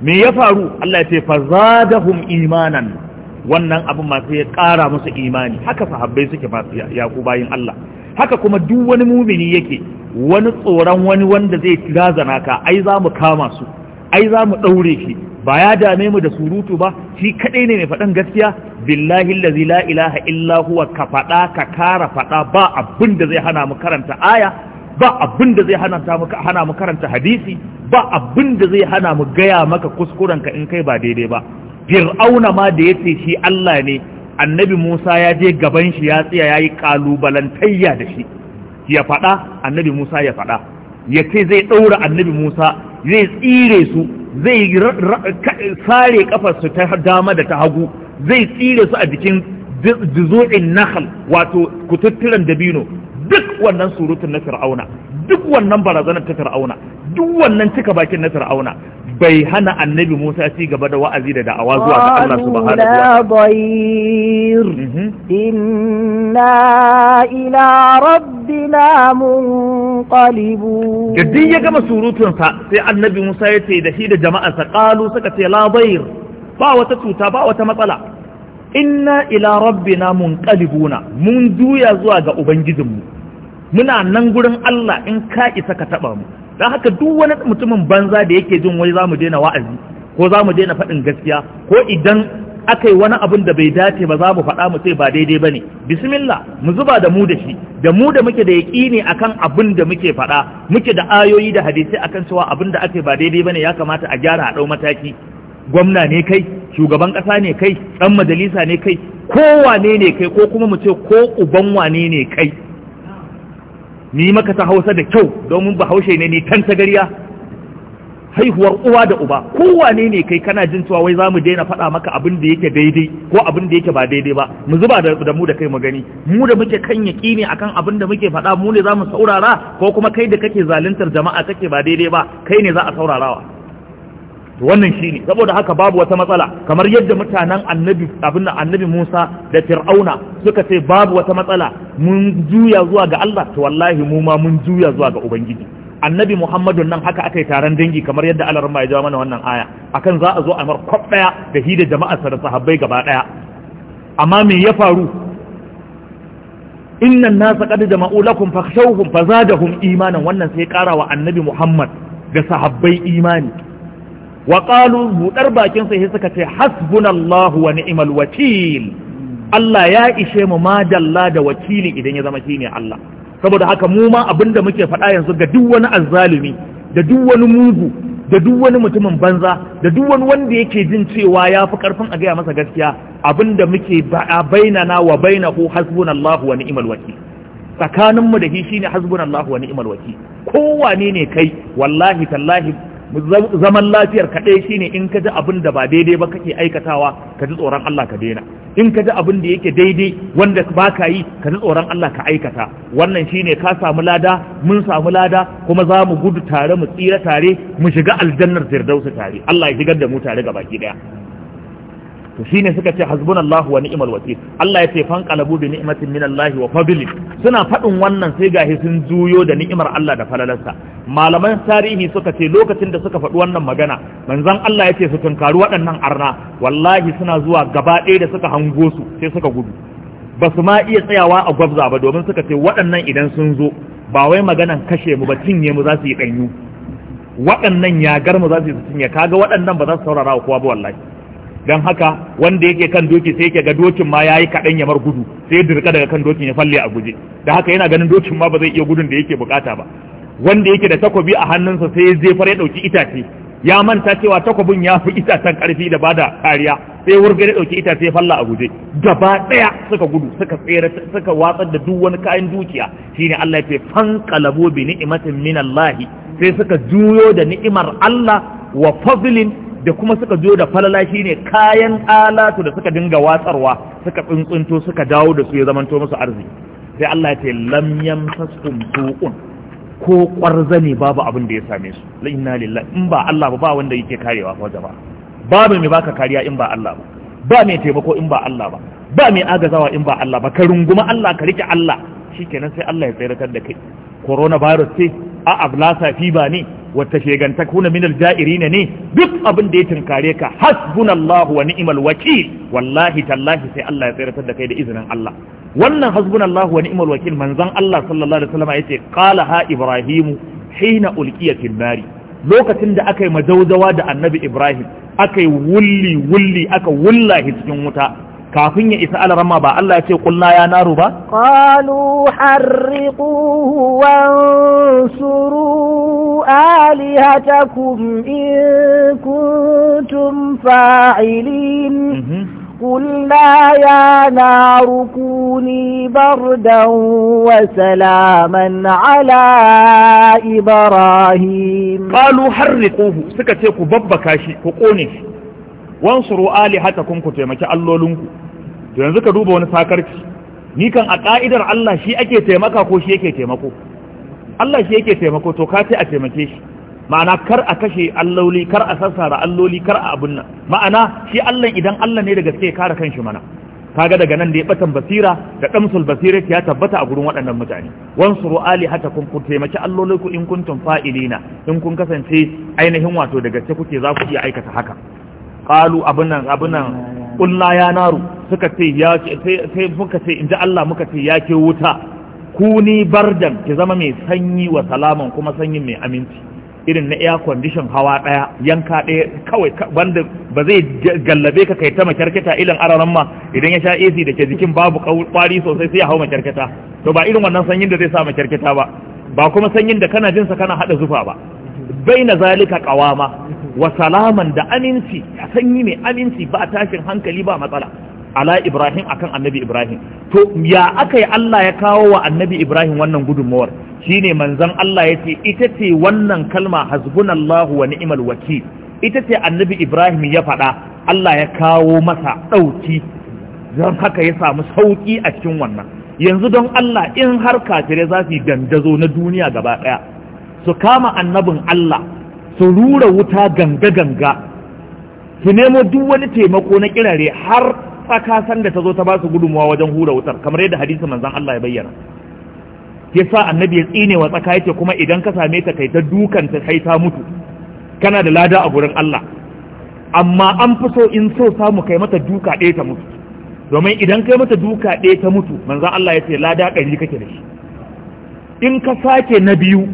me ya faru Allah ya ce fazadahum imanan wannan abin ma ya kara musu imani haka sahabbai suke ba ya ku bayin Allah haka kuma duk wani mumini yake wani tsoron wani wanda zai razana ka ai za mu kama su ai za mu ɗaure shi ba ya dame mu da surutu ba shi kaɗai ne mai faɗan gaskiya billahi lazi la ilaha illa huwa ka faɗa ka kara faɗa ba abin da zai hana mu karanta aya ba abin da zai hana mu karanta hadisi ba abin da zai hana mu gaya maka kuskurenka in kai ba daidai ba fir'auna ma da ce shi Allah ne annabi Musa ya je gaban shi ya tsaya yayi kalubalantayya da shi ya faɗa annabi Musa ya faɗa ya ce zai ɗaura annabi Musa zai tsire su zai sare kafarsu ta dama da ta hagu zai tsire su a jikin jizo'in nahal wato kututturan dabino duk wannan surutun na fir'auna duk wannan barazanar ta fir'auna duk wannan cika bakin na fir'auna bai hana annabi Musa ci gaba da wa'azi da da'awa zuwa ga Allah subhanahu wa ta'ala mhm. inna ila ya gama surutun sa sai annabi Musa ya ce da shi da jama'a sa qalu suka ce la ba wata cuta ba wata matsala inna ila rabbina munqalibuna mun juya zuwa ga ubangijinmu muna nan gurin Allah in ka isa ka taba mu don haka duk wani mutumin banza da yake jin wai za mu daina wa'azi ko za mu daina faɗin gaskiya ko idan aka yi wani abin da bai dace ba za mu faɗa mu sai ba daidai ba ne bismillah mu zuba da mu da shi da mu da muke da yaƙini akan abin da muke faɗa muke da ayoyi da hadisai akan cewa abin da ake ba daidai ba ne ya kamata a gyara a ɗau mataki gwamna ne kai shugaban ƙasa ne kai ɗan majalisa ne kai kowane ne kai ko kuma mu ce ko uban wane ne kai ni maka ta hausa da kyau domin bahaushe ne ni kan gariya haihuwar uwa da uba kowane ne kai kana jin cewa wai za mu daina faɗa maka abin da yake daidai ko abin da yake ba daidai ba mu zuba da mu da kai mu gani mu da muke kan yaki ne akan abin da muke faɗa mu ne za mu saurara ko kuma kai da kake zaluntar jama'a kake ba daidai ba kai ne za a saurarawa wannan shine saboda haka babu wata matsala kamar yadda mutanen annabi abin annabi Musa da Fir'auna suka ce babu wata matsala mun juya zuwa ga Allah to wallahi mu ma mun juya zuwa ga ubangiji annabi Muhammadu nan haka aka yi taron dangi kamar yadda Allah ramma ya jawo mana wannan aya akan za a zo a mar kwab daya da hida jama'ar sa da sahabbai gaba daya amma me ya faru innan nasa qad jama'u lakum fakhshawhum fazadahum imanan wannan sai karawa annabi Muhammad da sahabbai imani Waƙalu qalu bakin sai suka ce hasbunallahu wa ni'mal wakil Allah ya ishe mu ma da wakili idan ya zama shine Allah saboda haka mu ma abinda muke faɗa yanzu ga duk wani azzalumi da duk wani mugu da duk wani mutumin banza da duk wani wanda yake jin cewa ya fi karfin a gaya masa gaskiya abinda muke bainana wa bainahu hasbunallahu wa ni'mal wakil tsakaninmu da shi shine hasbunallahu wa ni'mal wakil kowane ne kai wallahi tallahi zaman lafiyar kaɗai shine in ka ji abin da ba daidai ba kake aikatawa ka ji tsoron Allah ka daina in ka ji abin da yake daidai wanda ba ka yi ka ji tsoron Allah ka aikata wannan shine ka samu lada mun samu lada kuma za mu gudu tare mu tsira tare mu shiga aljannar firdausu tare Allah ya shigar da mu tare gabaki baki daya to shine suka ce hasbunallahu wa ni'mal wakil Allah ya ce fan qalabu bi ni'matin minallahi wa fadli suna fadin wannan sai gahi sun juyo da ni'imar Allah da falalarsa malaman tarihi suka ce lokacin da suka faɗi wannan magana manzon Allah ya ce su tunkaru waɗannan arna wallahi suna zuwa gaba ɗaya da suka hango su sai suka gudu ba su ma iya tsayawa a gwabza ba domin suka ce waɗannan idan sun zo ba wai maganan kashe mu ba cinye mu za su yi ɗanyu waɗannan yagar mu za su yi cinye kaga waɗannan ba za su saurara kowa ba wallahi don haka wanda yake kan doki sai yake ga dokin ma yayi kaɗan ya mar gudu sai ya dirka daga kan dokin ya falle a guje da haka yana ganin dokin ma ba zai iya gudun da yake bukata ba wanda yake da takobi a hannunsa sai ya jefar ya ɗauki itace ya manta cewa takobin ya fi itacen karfi da bada kariya sai wurga ya dauki itace ya falla a guje gaba ɗaya suka gudu suka tsere suka watsar da duk wani kayan dukiya shine Allah ya ce qalabu bi ni'matin minallahi sai suka juyo da ni'imar Allah wa fadlin da kuma suka zo da falala shi ne kayan alatu da suka dinga watsarwa suka tsuntsunto suka dawo da su ya zamanto musu arziki sai Allah ya ce lam yamsasum ko kwarzane babu abin da ya same su la inna lillahi in ba Allah ba wanda yake karewa ko jama'a babu mai baka kariya in ba Allah ba ba mai taimako in ba Allah ba ba mai agazawa in ba Allah ba ka runguma Allah ka rike Allah shikenan sai Allah ya tsayar da kai coronavirus ce a ablasa ba ne wata sheganta kuna minal ja'iri ne ne duk abin da ya tunkare ka hasbunallahu wa ni'mal wakil wallahi tallahi sai Allah ya tsiratar da kai da izinin Allah wannan hasbunallahu wa ni'mal wakil manzon Allah sallallahu alaihi wasallam yace qala ha ibrahimu hina ulqiya fil nari lokacin da aka yi majaujawa da annabi ibrahim aka yi wulli wulli aka wullahi cikin wuta kafin ya isa alarama ba Allah ya ce kulla ya naru ba? Kalu harriku wansuru alihatakum in kuntum fa'ilin kulla mhm. ya naru kuni bardan wa salaman Ibrahim. Kalu harriku suka ce ku babba kashi ku ƙone shi. wansuru alihatakum ku taimaki allolinku to yanzu ka duba wani sakarci ni kan a ka'idar Allah shi ake taimaka ko shi yake taimako Allah shi yake taimako to ka a taimake shi ma'ana kar a kashe alloli kar a sassara alloli kar a abunna ma'ana shi Allah idan Allah ne da gaske kare kanshi mana Ka ga daga nan da ya batan basira da damsul basira ya tabbata a gurin waɗannan mutane wansuru alihatakum ku taimaki allolinku in kuntum fa'ilina in kun kasance ainihin wato da gaske kuke za ku iya aikata haka qalu abunan abunan qulna ya naru suka ce ya sai muka ce inda Allah muka ce ya ke wuta kuni bardan ki zama mai sanyi wa salaman kuma sanyin mai aminci irin na air condition hawa daya yanka daya kawai banda ba zai gallabe ka kai ta makarkata ilan araran ma idan ya sha AC da ke jikin babu kwari sosai sai ya hau makarkata to ba irin wannan sanyin da zai sa makarkata ba ba kuma sanyin da kana jinsa kana hada zufa ba baina zalika kawama, wa salaman da aminci sanyi mai aminci ba tashin hankali ba matsala ala Ibrahim akan annabi Ibrahim to ya aka yi Allah ya kawo wa annabi Ibrahim wannan gudunmawar shine manzon Allah ya ce ita ce wannan kalma hasbunallahu wa ni'mal wakil ita ce annabi Ibrahim ya faɗa Allah ya kawo masa ɗauki don haka ya samu sauƙi a cikin wannan yanzu don Allah in har kafirai za su yi dandazo na duniya gaba ɗaya su kama annabin Allah su rura wuta ganga-ganga su nemo duk wani taimako na kirare har tsaka, sanda ta zo ta ba su gudunmuwa wajen hura wutar kamar yadda hadisi manzan Allah ya bayyana ya sa annabi ya tsine wa tsaka yake kuma idan ka same ta kai ta dukan ta kai ta mutu kana da lada a gurin Allah amma an fi so in so samu kai mata duka ɗaya ta mutu domin idan kai mata duka ɗaya ta mutu manzan Allah ya ce lada ƙari kake da shi in ka sake na biyu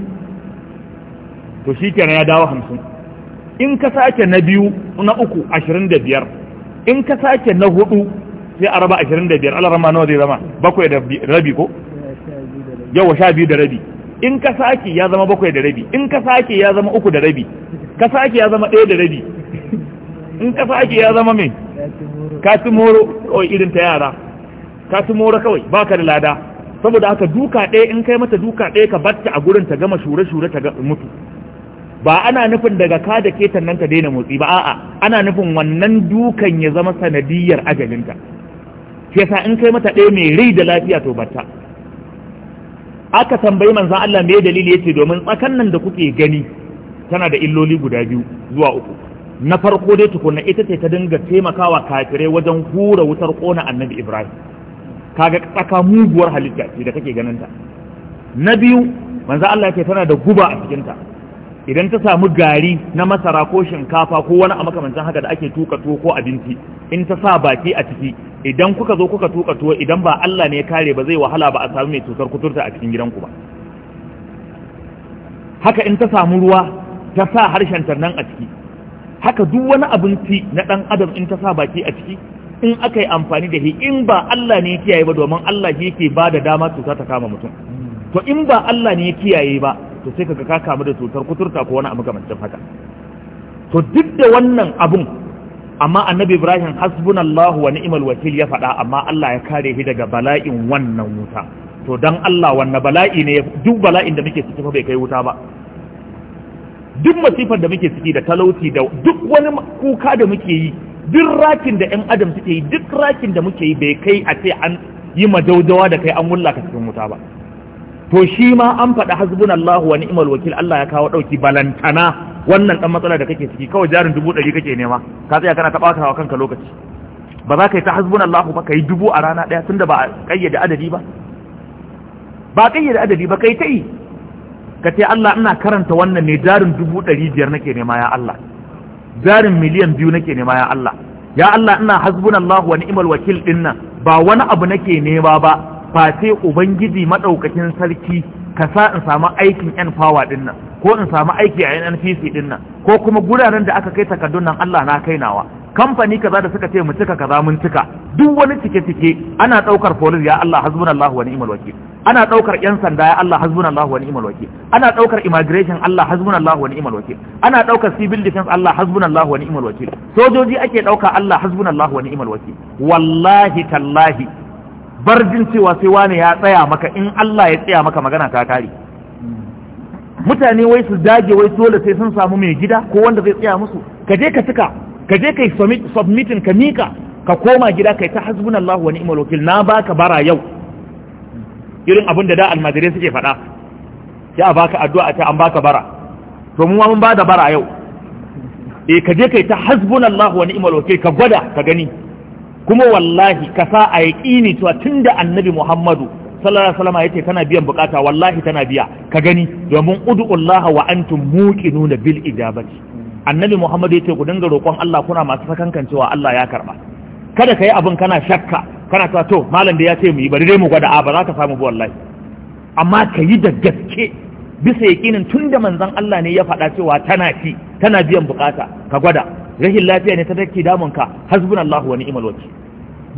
to shi kenan ya dawo hamsin in ka sake na biyu na uku ashirin da biyar in ka sake na hudu sai a raba ashirin da biyar alarama nawa zai zama bakwai da rabi ko yawa sha biyu da rabi in ka sake ya zama bakwai da rabi in ka sake ya zama uku da rabi ka sake ya zama ɗaya da rabi in ka sake ya zama mai kasi moro kawai irin ta yara kasi moro kawai baka da lada saboda haka duka ɗaya in kai mata duka ɗaya ka batta a gurin ta gama shure-shure ta mutu ba ana nufin daga ka da ketan nan ka daina motsi ba a'a ana nufin wannan dukan ya zama sanadiyar ajalinta shi yasa in kai mata ɗaya mai rai da lafiya to batta aka tambayi manzan Allah me dalili yace domin tsakan nan da kuke gani tana da illoli guda biyu zuwa uku na farko dai tukunna ita ce ta dinga taimakawa kafirai wajen hura wutar kona annabi Ibrahim kaga tsaka muguwar halitta ce da kake ganin ta na biyu manzo Allah yake tana da guba a cikin ta idan ta samu gari na masara ko shinkafa ko wani a makamancin haka da ake tuka tuwo ko abinci in ta sa baki a ciki idan kuka zo kuka tuka tuwo idan ba Allah ne ya kare ba zai wahala ba a samu mai cutar kuturta a cikin gidanku ba haka in ta samu ruwa ta sa harshen nan a ciki haka duk wani abinci na dan adam in ta sa baki a ciki in aka yi amfani da shi in ba Allah ne ya kiyaye ba domin Allah shi yake ba da dama cuta ta kama mutum to in ba Allah ne ya kiyaye ba to sai kaga ka kamu da cutar kuturta ko wani abu gamancin haka to duk da wannan abun amma annabi ibrahim hasbunallahu wa ni'mal wakil ya faɗa amma Allah ya kare shi daga bala'in wannan wuta to dan Allah wannan bala'i ne duk bala'in da muke ciki fa bai kai wuta ba duk masifar da muke ciki da talauci da duk wani kuka da muke yi duk rakin da ɗan adam suke yi duk rakin da muke yi bai kai a ce an yi majaujawa da kai an wulla ka cikin wuta ba to shi ma an faɗa hasbunallahu wa ni'mal wakil Allah ya kawo ɗauki balantana wannan ɗan matsala da kake ciki kawai jarin dubu ɗari kake nema ka tsaya kana taɓa kawa kanka lokaci ba za ka yi ta hasbunallahu ba ka yi dubu a rana ɗaya tunda ba a ƙayyade adadi ba ba ƙayyade adadi ba kai ta yi ka ce Allah ina karanta wannan ne jarin dubu ɗari biyar nake nema ya Allah jarin miliyan biyu nake nema ya Allah ya Allah ina hasbunallahu wa ni'mal wakil ɗin nan ba wani abu nake nema ba face ubangiji madaukakin sarki ka sa in samu aikin yan fawa dinna, ko in samu aiki a NNPC din nan ko kuma guraren da aka kai takardun nan Allah na kai nawa. kamfani kaza da suka ce mu cika kaza mun cika duk wani cike-cike ana ɗaukar polis ya Allah hasbunallahu wa ni'mal wakil ana ɗaukar yan sanda ya Allah hasbunallahu wa ni'mal wakil ana ɗaukar immigration Allah hasbunallahu wa ni'mal wakil ana ɗaukar civil defense Allah hasbunallahu wa ni'mal wakil sojoji ake ɗauka Allah hasbunallahu wa ni'mal wakil wallahi tallahi bar jin cewa sai wani ya tsaya maka in Allah ya tsaya maka magana ta kare mutane wai su dage wai dole sai sun samu mai gida ko wanda zai tsaya musu ka je ka cika ka je ka yi submitin ka mika ka koma gida ka yi ta hasbunallahu wa ni'mal wakil na baka bara yau irin abin da da almajirai suke faɗa ya baka addu'a ta an baka bara to mu ma mun bada bara yau eh ka je ka yi ta hasbunallahu wa ni'mal wakil ka gwada ka gani kuma wallahi ka sa a yaƙini cewa da annabi Muhammadu sallallahu alaihi wasallam yace tana biyan bukata wallahi tana biya ka gani domin ud'ullaha wa antum muqinuna bil ijabati annabi Muhammadu ya ce ku dinga roƙon Allah kuna masu sakankan cewa Allah ya karba kada kai abin kana shakka kana cewa to malam da ya ce mu yi bari dai mu gwada a ba za ka samu ba wallahi amma ka yi da gaske bisa yaƙinin tunda manzon Allah ne ya faɗa cewa tana fi tana biyan bukata ka gwada rashin lafiya ne ta take damun ka hasbunallahu wa ni'mal wakil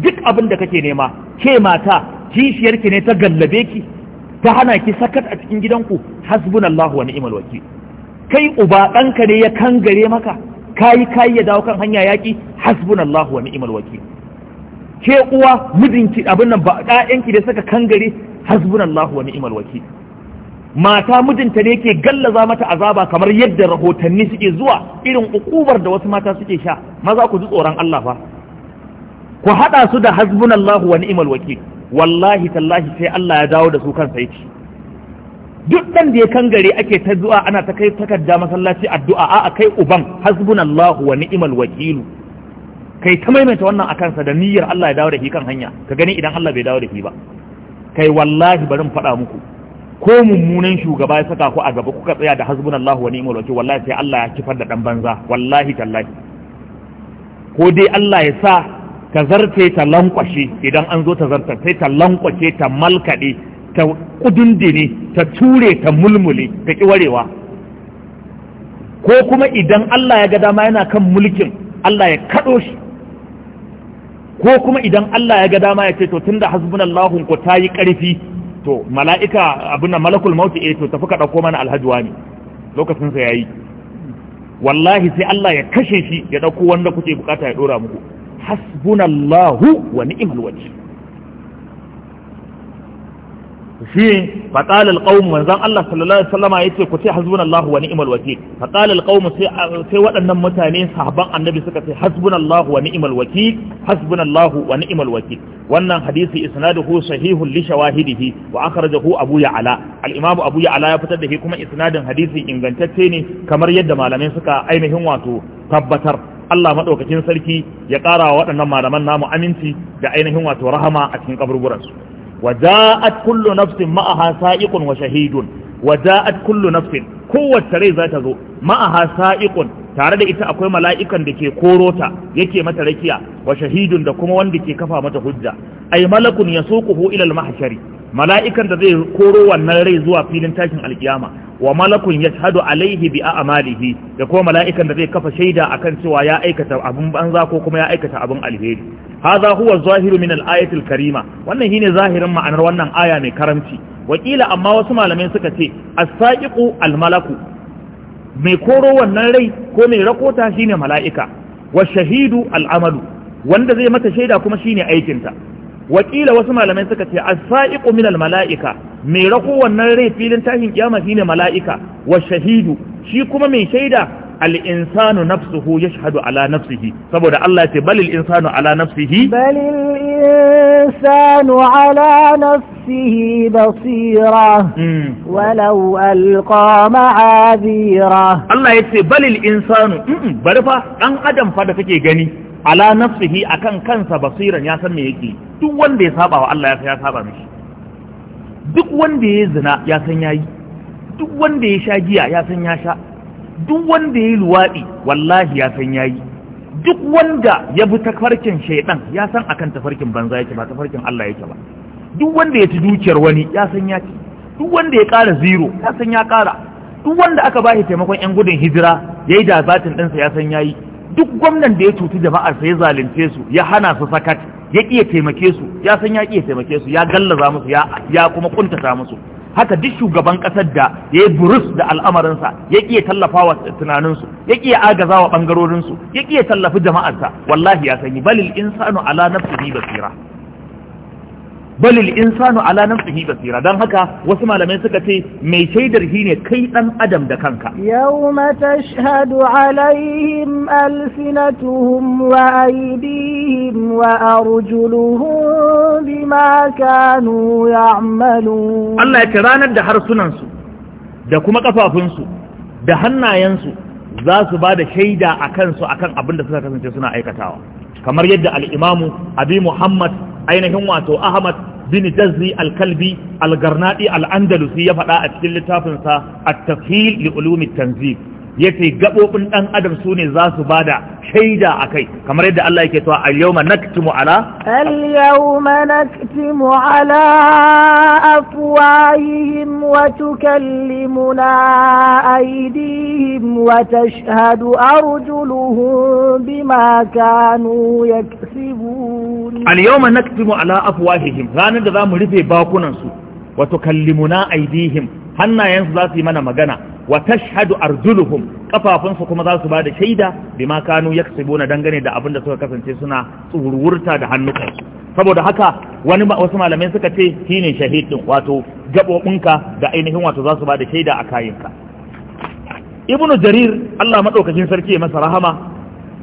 duk abin da kake nema ke mata kishiyar ki ne ta gallabe ki ta hana ki sakat a cikin gidanku hasbunallahu wa ni'mal wakil kai uba ɗanka ne ya kangare maka kayi kai ya dawo kan hanya yaki hasbunallahu wa ni'mal wakil ke uwa mijinki abin nan ba ki da suka kangare hasbunallahu wa ni'mal wakil mata mijinta ne ke gallaza mata azaba kamar yadda rahotanni suke zuwa irin ukubar da wasu mata suke sha maza ku ji tsoron Allah fa ku hada su da hasbunallahu wa ni'mal wakil wallahi tallahi sai Allah ya dawo da su kansa yake duk dan da ya kan gare ake ta zuwa ana ta kai takarda masallaci addu'a a kai uban hasbunallahu wa ni'mal wakil kai ta maimaita wannan akan sa da niyyar Allah ya dawo da shi kan hanya ka gani idan Allah bai dawo da shi ba kai wallahi bari in faɗa muku ko mummunan shugaba ya saka ku a gaba kuka tsaya da Allah wa ni'mal wakil wallahi sai Allah ya kifar da dan banza wallahi tallahi ko dai Allah ya sa ta zarce ta lankwashe idan an zo ta zarta sai ta lankwashe ta malkade ta kudundune ta ture ta mulmule ta kiwarewa ko kuma idan Allah ya ga dama yana kan mulkin Allah ya kado shi ko kuma idan Allah ya ga dama ya ce to tunda hasbunallahu ku tayi karfi to mala'ika abin nan malakul mauti eh to tafi ka ɗauko mana alhaji wani lokacin sa yayi wallahi sai Allah ya kashe shi ya ɗauko wanda kuke bukata ya ɗora muku hasbunallahu wa ni'mal wakeel shi faƙal alƙawun manzan Allah sallallahu Alaihi wasallama ya ce ku ce hasbunallahu Allah wa ni'imal wakil faƙal sai waɗannan mutane sahaban annabi suka ce hasbunallahu Allah wa ni'imal wakil hasbun wa ni'imal wakil wannan hadisi isnaduhu sahihun li shawahidihi wa akhrajahu Abu Ya'la al-Imam Abu Ya'la ya fitar da shi kuma isnadin hadisi ingantacce ne kamar yadda malamai suka ainihin wato tabbatar Allah maɗaukakin sarki ya ƙara wa waɗannan malaman namu aminci da ainihin wato rahama a cikin kaburburansu. waja'at kullu nafsin ma'aha sa'iqun wa shahidun waja'at kullu nafsin kowace rai za ta zo ma'aha sa'iqun tare da ita akwai mala'ikan da ke korota yake mata rakiya wa shahidun da kuma wanda ke kafa mata hujja ay malakun yasuquhu ila al-mahshari mala'ikan da zai koro wannan rai zuwa filin tashin alkiyama wa malakun yashhadu alaihi bi a'malihi da kuma mala'ikan da zai kafa shaida akan cewa ya aikata abun banza ko kuma ya aikata abun alheri hadha huwa zahiru min al karima wannan shine zahirin ma'anar wannan aya mai karamci wakila amma wasu malamai suka ce as-saqiqu al-malaku mai koro wannan rai ko mai rakota shine mala'ika wa shahidu al-amalu wanda zai mata shaida kuma shine aikinta wakila wasu malamai suka ce as-sa'iqu min al-mala'ika mai rako wannan rai filin tashin kiyama shine mala'ika wa shahidu shi kuma mai shaida al-insanu nafsuhu yashhadu ala nafsihi saboda Allah ya ce balil insanu ala nafsihi balil insanu ala nafsihi basira hmm. walau alqa ma'azira Allah ya yace balil insanu hmm, hmm, bari fa dan adam fa da kake gani ala nafsihi akan kansa basiran ya san me yake duk wanda ya saba wa Allah ya san ya saba mishi duk wanda ya zina ya san yayi duk wanda ya sha giya ya san ya sha duk wanda ya yi wallahi ya san yayi duk wanda ya bi tafarkin shaidan ya san akan tafarkin banza yake ba tafarkin Allah yake ba duk wanda ya ci dukiyar wani ya san ya ci duk wanda ya kara zero ya san ya kara. duk wanda aka bashi taimakon yan gudun hijira yayi da zatin dinsa ya san yayi duk gwamnan da ya cuci jama'ar sa ya zalunce su ya hana su sakat ya ƙiya taimake su ya san ya ƙiya taimake su ya gallaza musu ya kuma kuntata musu haka duk shugaban ƙasar da ya yi burus da al'amarinsa ya ƙiya tallafa wa tunaninsu ya ƙiya agaza wa ɓangarorinsu ya ƙiya tallafi jama'arsa wallahi ya sanyi balil insanu ala nafsihi basira balil insanu ala nafsihi basira dan haka wasu malamai suka ce mai shaidar shine kai dan adam da kanka yawma tashhadu alaihim alsinatuhum wa aydihim wa arjuluhum bima kanu ya'malun Allah ya ranar da harsunan su da kuma kafafun su da hannayen su za su ba da shaida akan su akan abin da suka kasance suna aikatawa kamar yadda al-imamu abi muhammad ainihin wato Ahmad bin Jazzi al-Kalbi al-Garnadi al-Andalusi ya faɗa a cikin littafinsa At-Tafhil li Ulumi Tanzil yace gabobin dan adam su ne za su bada shaida akai kamar yadda Allah yake cewa al-yawma naktimu ala al-yawma naktimu ala afwahihim wa tukallimuna aydihim wa tashhadu arjuluhum bima kanu yaksibun alyawma naktimu ala afwahihim ranar da zamu rufe bakunan su wa tukallimuna aydihim hannayensu za su yi mana magana wa tashhadu arjuluhum kafafunsu kuma zasu su bada shaida bima kanu yaksubuna dangane da abin da suka kasance suna tsururta da su saboda haka wani wasu malamai suka ce shine shahid din wato gabobinka da ainihin wato zasu su bada shaida a kayinka ibnu jarir Allah madaukakin sarki ya masa rahama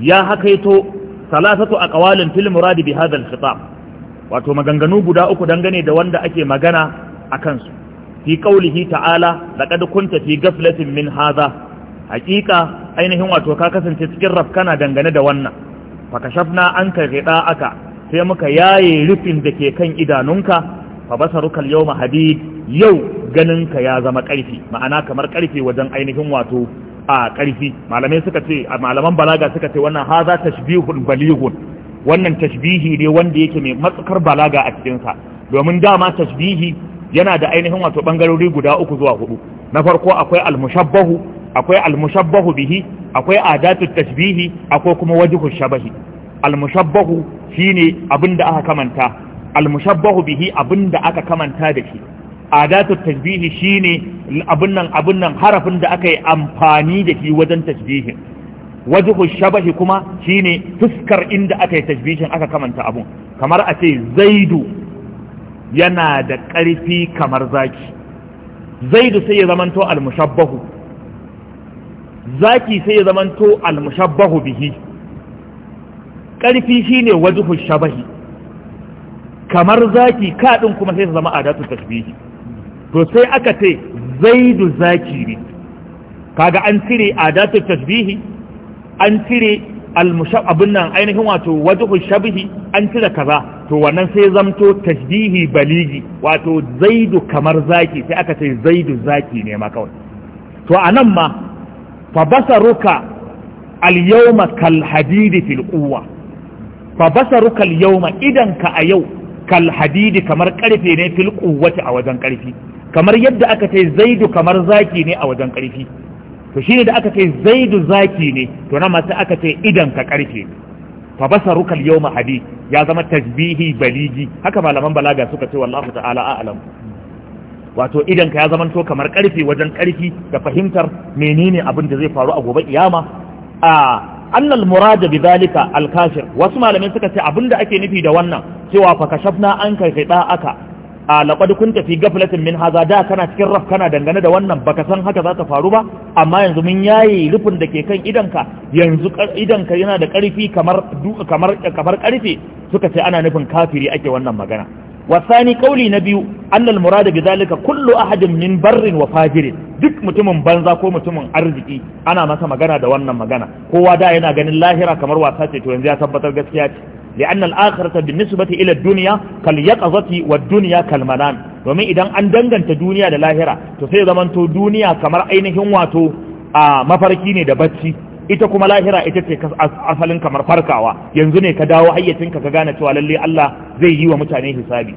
ya hakaito salasatu ƙawalin filin muradi bi hadha al wato maganganu guda uku dangane da wanda ake magana akan su fi hi ta'ala laqad kunta fi ghaflatin min hadha haqiqa ainihin wato ka kasance cikin rafkana dangane da wannan fakashafna anka ghida aka sai muka yaye rufin da ke kan idanunka fabasaruka al-yawma hadid yau ganinka ya zama karfi ma'ana kamar karfe wajen ainihin wato a ƙarfi malamai suka ce malaman balaga suka ce wannan haza tashbihun balihun wannan tashbihi ne wanda yake mai matsakar balaga a cikinsa domin dama tashbihi yana da ainihin wato bangarori guda uku zuwa hudu na farko akwai almushabbahu akwai almushabbahu bihi akwai adatu tashbihi akwai kuma wajhu shabahi almushabbahu shine abinda aka kamanta almushabbahu bihi abinda aka kamanta da shi adatu tasbihi shine abun nan abun nan harafin da aka yi amfani da shi wajen tasbihin wajhu shabahi kuma shine fuskar inda aka yi tasbihin aka kamanta abun kamar a ce zaidu yana da ƙarfi kamar zaki zaidu sai ya zamanto almushabbahu zaki sai ya zamanto almushabbahu bihi ƙarfi shine wajhu shabahi kamar zaki kaɗin kuma sai ta zama adatu tasbihi to sai aka ce zaidu ne. kaga an cire adatu tashbihi an cire almushab abin nan ainihin wato wajhu shabihi an cire kaza to wannan sai zamto tashbihi baligi wato zaidu kamar zaki sai aka ce zaidu zaki ne ma kawai to anan ma fa basaruka al-yawma kal hadidi fil quwwa fa basaruka al idan ka a yau kal hadidi kamar karfe ne fil quwwati a wajen karfi kamar yadda aka ce zaidu kamar zaki ne a wajen ƙarfi to shine da aka ce zaidu zaki ne to na masu aka ce idan ka ƙarfe fa basaruka al-yawma ya zama tasbihi baligi haka malaman balaga suka ce wallahu ta'ala a'lam wato idan ka ya zama to kamar ƙarfe wajen ƙarfi da fahimtar menene abin da zai faru a gobe iyama? a annal murada bi zalika al-kashir wasu malamai suka ce abinda ake nufi da wannan cewa fa kashafna an kai aka a laƙwad kun tafi gafilatin min haza da kana cikin raf kana dangane da wannan baka san haka za ta faru ba amma yanzu mun yaye rufin da ke kan idanka yanzu idanka yana da ƙarfi kamar kamar kamar ƙarfe suka ce ana nufin kafiri ake wannan magana wasani kauli na biyu annal murada bi zalika kullu ahadin min barrin wa fajirin duk mutumin banza ko mutumin arziki ana masa magana da wannan magana kowa da yana ganin lahira kamar wasa ce to yanzu ya tabbatar gaskiya ce لأن الآخرة بالنسبة إلى الدنيا كاليقظة والدنيا كالمنام ومن إذا أن دنغن تدنيا للاهرة تسيد من تدنيا كمرأين هم واتو آه مفركين دبتي ita kuma lahira ita ce asalin kamar farkawa yanzu ne ka dawo hayyacinka ka gane cewa lalle Allah zai yi wa mutane hisabi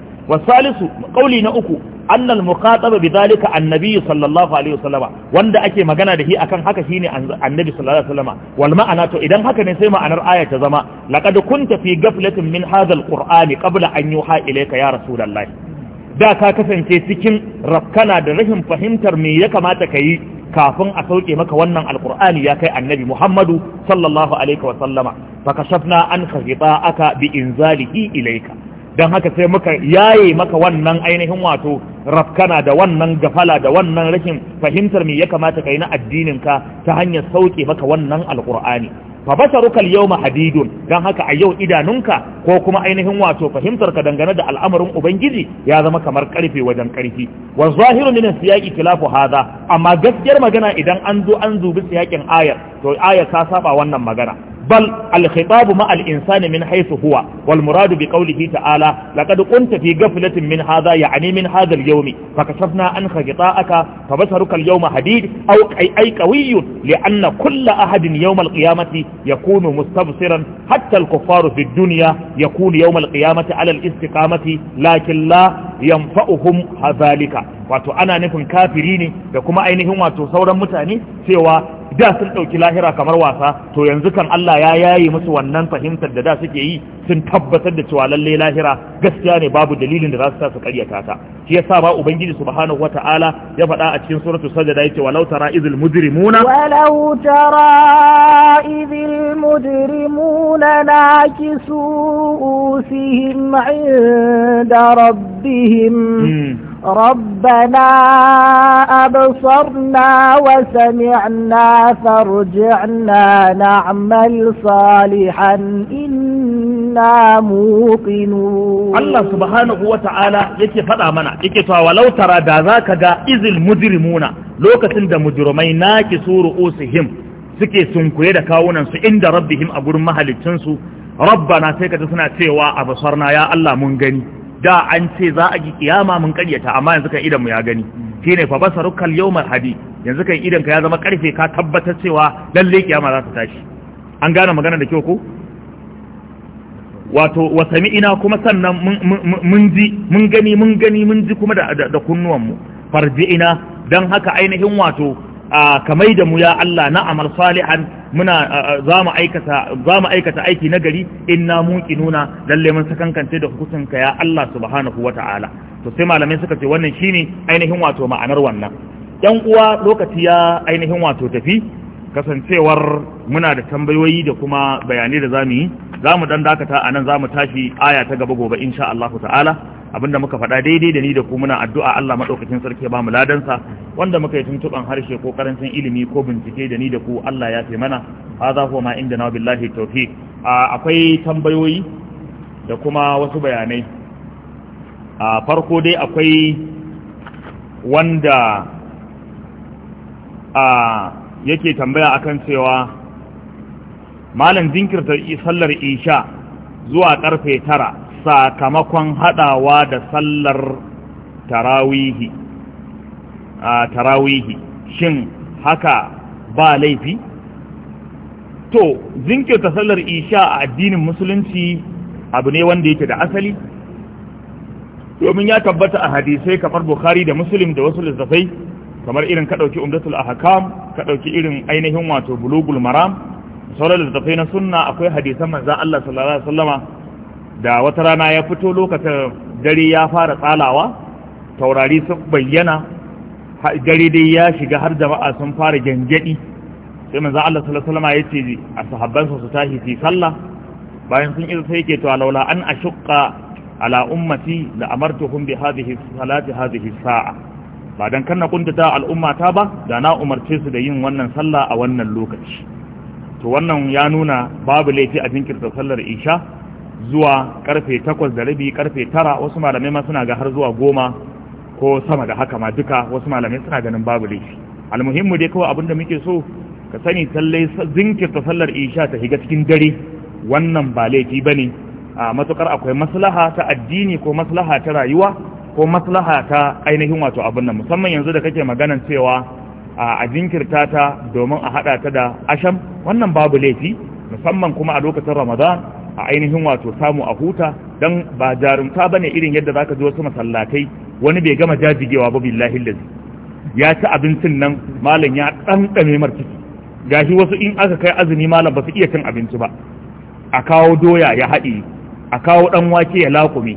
salisu kauli na uku annal muqataba bidhalika annabi sallallahu alaihi wasallama wanda ake magana da shi akan haka shine annabi sallallahu alaihi wasallama wal ma'ana to idan haka ne sai ma'anar aya ta zama laqad kunta fi ghaflatin min hadha alqur'ani qabla an yuha ilayka ya rasulullahi da ka kasance cikin rafkana da rashin fahimtar me ya kamata ka yi kafin a sauke maka wannan alkur'ani ya kai annabi muhammadu sallallahu alaihi wasallama fa kashafna an khafita aka bi inzalihi ilaika don haka sai muka yaye maka wannan ainihin wato rafkana da wannan gafala da wannan rashin fahimtar me ya kamata kai na addinin ka ta hanyar sauke maka wannan alqur'ani fa basaruka al-yawma hadidun dan haka a yau idanunka ko kuma ainihin wato fahimtar ka dangane da al'amarin ubangiji ya zama kamar karfe wajen karfi wa zahiru min siyaqi khilafu hadha amma gaskiyar magana idan an zo an zubi siyakin ayar to ayar ta saba wannan magana بل الخطاب مع الإنسان من حيث هو والمراد بقوله تعالى لقد كنت في قفلة من هذا يعني من هذا اليوم فكشفنا أنخ غطاءك فبصرك اليوم حديد أو أي, أي قوي لأن كل أحد يوم القيامة يكون مستبصرا حتى الكفار في الدنيا يكون يوم القيامة على الاستقامة لكن لا ينفعهم ذلك wato ana nufin kafiri ne da kuma ainihin wato sauran mutane cewa da sun ɗauki lahira kamar wasa to yanzu kan Allah ya yayi musu wannan fahimtar da da suke yi sun tabbatar da cewa lalle lahira gaskiya ne babu dalilin da za su sa su karyata ta shi yasa ba ubangiji subhanahu wata'ala ya faɗa a cikin suratul sajda yace walau tara idhil mujrimuna walau tara idhil mujrimuna nakisu usihim 'inda rabbihim ربنا أبصرنا وسمعنا فارجعنا نعمل صالحا إن kunna muqinu Allah subhanahu wa ta'ala yake faɗa mana yake cewa walau tara da zaka ga izil mujrimuna lokacin da mujrimai naki suru usihim suke sunkuye da kawunan su inda rabbihim a gurin mahalicin su rabbana sai kaji suna cewa a basarna ya Allah mun gani da an ce za a ji kiyama mun karyata amma yanzu kan idan mu ya gani shine fa basarukal yawmal hadi yanzu kan idan ka ya zama karfe ka tabbatar cewa lalle kiyama za ta tashi an gane magana da kyau ko wato wasami ina kuma sannan mun ji mun gani mun gani mun ji kuma da farji ina don haka ainihin wato kamai da mu ya Allah na amal salihan muna za mu aikata aiki na gari inna muqinuna lalle mun sakankance da hukuncinka ya Allah subhanahu wata'ala to sai malamai suka ce wannan shine ainihin wato ma'anar wannan yan uwa lokaci ya ainihin wato tafi kasancewar muna da tambayoyi da kuma bayanai da zamu yi zamu dan dakata anan zamu tashi aya ta gaba gobe insha Allah ta'ala abinda muka faɗa daidai da ni da ku muna addu'a Allah madaukakin sarki ya bamu ladansa wanda muka yi tuntuban harshe ko karancin ilimi ko bincike da ni da ku Allah ya fi mana hadha huwa ma inda na billahi tawfiq akwai tambayoyi da kuma wasu bayanai a farko dai akwai wanda a yake tambaya akan cewa malam zinkirta sallar isha zuwa karfe tara sakamakon hadawa da sallar tarawihi a tarawihi shin haka ba laifi to zinkirta sallar isha a addinin musulunci abu ne wanda yake da asali domin ya tabbata a hadisai kamar bukhari da musulun da wasu lissafai kamar irin ka ɗauki umdatul ahkam ka ɗauki irin ainihin wato bulugul maram sauran littattafai na sunna akwai hadisan manzan Allah sallallahu alaihi wasallama da wata rana ya fito lokacin dare ya fara tsalawa taurari sun bayyana dare dai ya shiga har jama'a sun fara gangadi sai manzo Allah sallallahu alaihi wasallam ya ce a sahabbansa su tashi fi sallah bayan sun isa sai yake to laula an ashqa ala ummati la amartuhum bi hadhihi salati hadhihi sa'a ba dan kanna na kuntata al'umma ta ba da na umarce su da yin wannan sallah a wannan lokaci to wannan ya nuna babu laifi a jinkirta sallar isha zuwa karfe 8 da rabi karfe 9 wasu malamai ma suna ga har zuwa goma ko sama da haka ma duka wasu malamai suna ganin babu laifi almuhimmu dai kawai abinda muke so ka sani talle zinkirta sallar isha ta higa cikin dare wannan ba laifi bane a matukar akwai maslaha ta addini ko maslaha ta rayuwa ko maslaha ta ainihin wato abin nan musamman yanzu da kake maganan cewa a jinkirta ta domin a hada ta da asham wannan babu laifi musamman kuma a lokacin ramadan a ainihin wato samu a huta don ba jarumta ba ne irin yadda za ka ji wasu masallatai wani bai gama jajigewa ba billahi lazi ya ci abincin nan malam ya ɗanɗame mar ciki gashi wasu in aka kai azumi malam ba su iya cin abinci ba a kawo doya ya haɗe a kawo ɗan wake ya lakume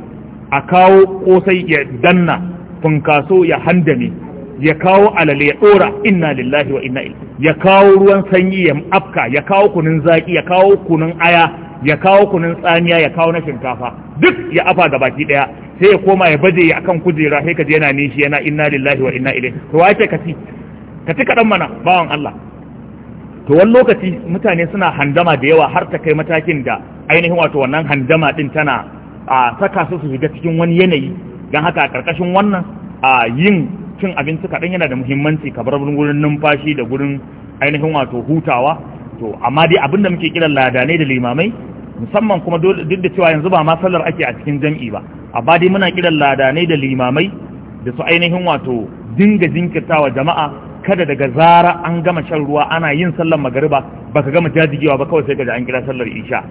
a kawo kosai ya danna funkaso ya handame ya kawo alale ya dora inna lillahi wa inna ilaihi ya kawo ruwan sanyi ya afka ya kawo kunun zaki ya kawo kunun aya ya kawo kunun tsamiya ya kawo na shinkafa duk ya afa da baki daya sai ya koma ya baje ya akan kujera sai ka je yana nishi yana inna lillahi wa inna ilaihi to wace ka ci ka kadan mana bawan Allah to wani lokaci mutane suna handama da yawa har ta kai matakin da ainihin wato wannan handama din tana a saka su su shiga cikin wani yanayi don haka a ƙarƙashin wannan a yin cin abinci kaɗan yana da muhimmanci ka bar wurin numfashi da gurin ainihin wato hutawa to amma dai abin da muke kira ladanai da limamai musamman kuma duk da cewa yanzu ba ma sallar ake a cikin jam'i ba amma dai muna kiran ladanai da limamai da su ainihin wato dinga jinkirtawa jama'a kada daga zara an gama shan ruwa ana yin sallar magariba baka gama jajigewa ba kawai sai ka ji an kira sallar isha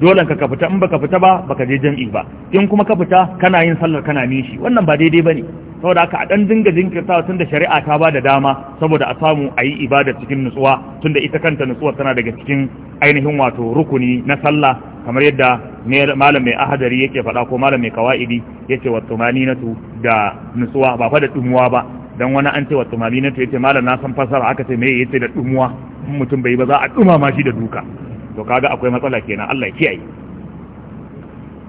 dole ka ka fita in baka fita ba baka je jam'i ba in kuma ka fita kana yin sallar kana nishi wannan ba daidai bane saboda haka a dan dinga jinkirta tunda shari'a ta ba da dama saboda a samu a yi ibada cikin nutsuwa tunda ita kanta nutsuwa tana daga cikin ainihin wato rukuni na sallah kamar yadda malam mai ahadari yake faɗa ko malam mai kawa'idi yace wa tumaninatu da nutsuwa ba fa da dumuwa ba dan wani an ce wa tumaninatu yace malam na san fasara aka ce me yace da dumuwa mutum bai ba za a dumama shi da duka to kaga akwai matsala kenan Allah ya kiyaye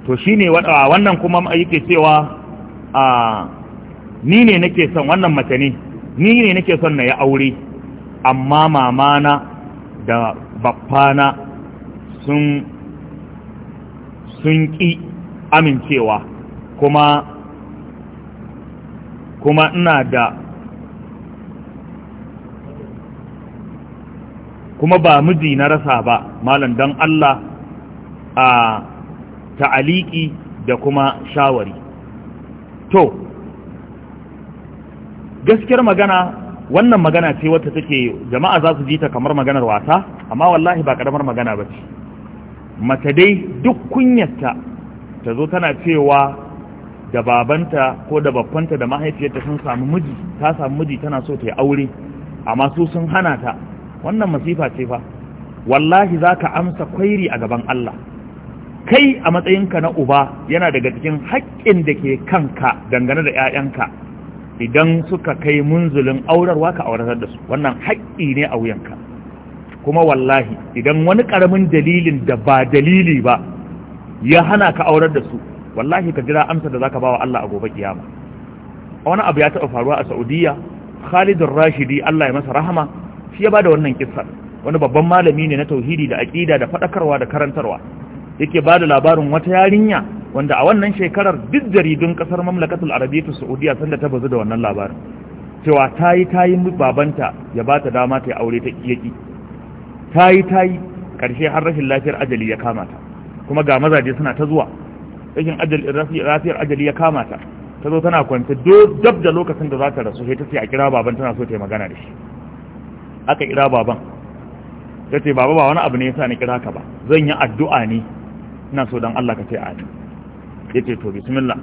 to shine wannan kuma yake cewa a ni ne nake son wannan mace ne ni ne nake son na ya aure amma mama na da baffana sun sun ki amincewa kuma kuma ina da kuma ba miji na rasa ba malam don Allah a ta'aliki da kuma shawari to gaskiyar magana wannan magana ce wata take jama'a za su ji ta kamar maganar wasa amma wallahi ba karamar magana ba ce mace dai duk kunyarta ta zo tana cewa da babanta ko da babbanta da mahaifiyarta sun samu miji ta samu miji tana so ta yi aure amma su sun hana ta wannan masifa ce fa wallahi za ka amsa kwairi a gaban Allah kai a matsayinka na uba yana daga cikin haƙƙin da ke kanka dangane da 'ya'yanka idan suka kai munzulin aurarwa ka auratar da su wannan haƙƙi ne a wuyanka kuma wallahi idan wani ƙaramin dalilin da ba dalili ba ya hana ka aurar da su wallahi ka jira amsa da zaka bawa Allah a gobe kiyama wani abu ya taɓa faruwa a Saudiyya, Khalidun Rashidi Allah ya masa rahama shi ya bada wannan kissar wani babban malami ne na tauhidi da aqida da fadakarwa da karantarwa yake bada labarin wata yarinya wanda a wannan shekarar duk jaridun kasar mamlakatul arabiyyatu saudiya san da ta bazu da wannan labarin cewa tayi tayi babanta ya bata dama ta aure ta kiyaki tayi tayi karshe har rashin lafiyar ajali ya kama ta kuma ga mazaje suna ta zuwa rashin ajali lafiyar ajali ya kama ta ta zo tana kwanta dab da lokacin da za ta rasu sai ta ce a kira baban tana so ta yi magana da shi aka kira baban Ta ce baba ba wani abu ne ya sa ni kira ka ba zan yi addu'a ne ina so don Allah ka ce ani ya ce to bismillah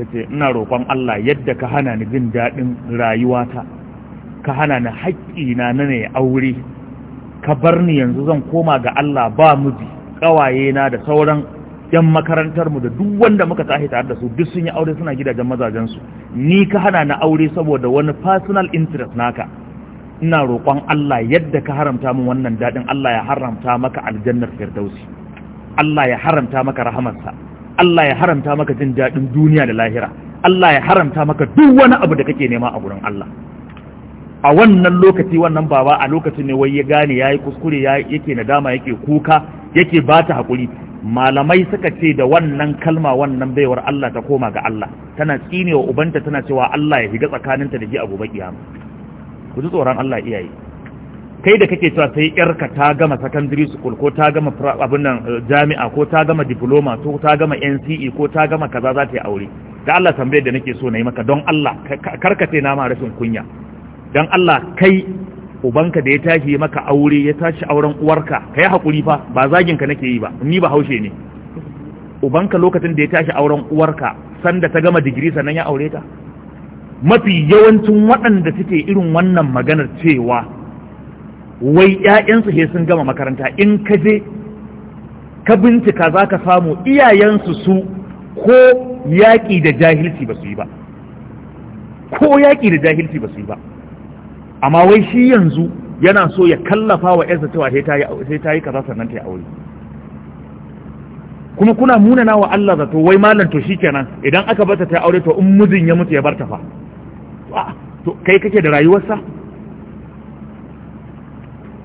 ta ce ina roƙon Allah yadda ka hana ni jin daɗin rayuwata ka hana ni haƙƙina na ne aure ka bar ni yanzu zan koma ga Allah ba miji ƙawaye na da sauran yan makarantar mu da duk wanda muka tashi tare da su duk sun yi aure suna gidajen mazajensu. ni ka hana ni aure saboda wani personal interest naka ina roƙon Allah yadda ka haramta min wannan daɗin. Allah ya haramta maka aljannar firdausi Allah ya haramta maka rahamarsa Allah ya haramta maka jin daɗin duniya da lahira Allah ya haramta maka duk wani abu da kake nema a gurin Allah a wannan lokaci wannan baba a lokacin ne wai ya gane yayi kuskure yake nadama yake kuka yake bata hakuri malamai suka ce da wannan kalma wannan baiwar Allah ta koma ga Allah tana tsinewa ubanta tana cewa Allah ya higa tsakaninta da ji abu ba kiyama ku ji tsoron Allah iyaye kai da kake cewa sai yarka ta gama secondary school ko ta gama abin nan eh, jami'a ko ta gama diploma ko ta gama NCE ko ta gama kaza za ta yi aure da Allah tambayar da nake so na yi maka don Allah karkace na ma rashin kunya don Allah kai ubanka da ya tashi maka aure ya tashi auren uwarka kai hakuri fa ba zagin ka nake yi ba ni ba haushe ne ubanka lokacin da ya tashi auren uwarka sanda ta gama digiri sannan ya aure ta mafi yawancin waɗanda suke irin wannan maganar cewa wai ‘ya'yansu he sun gama makaranta in ka je ka bincika za ka samu iyayensu su ko yaƙi da jahilci ba su yi ba ko yaƙi da jahilci ba su yi ba amma wai shi yanzu yana so ya kallafa wa ‘yarsa cewa sai ta yi kaza sannan ta yi aure kuma kuna munana wa Allah zato wai malam to shi shikenan idan aka bata ta aure to in mijin ya mutu ya barta fa to kai kake da rayuwarsa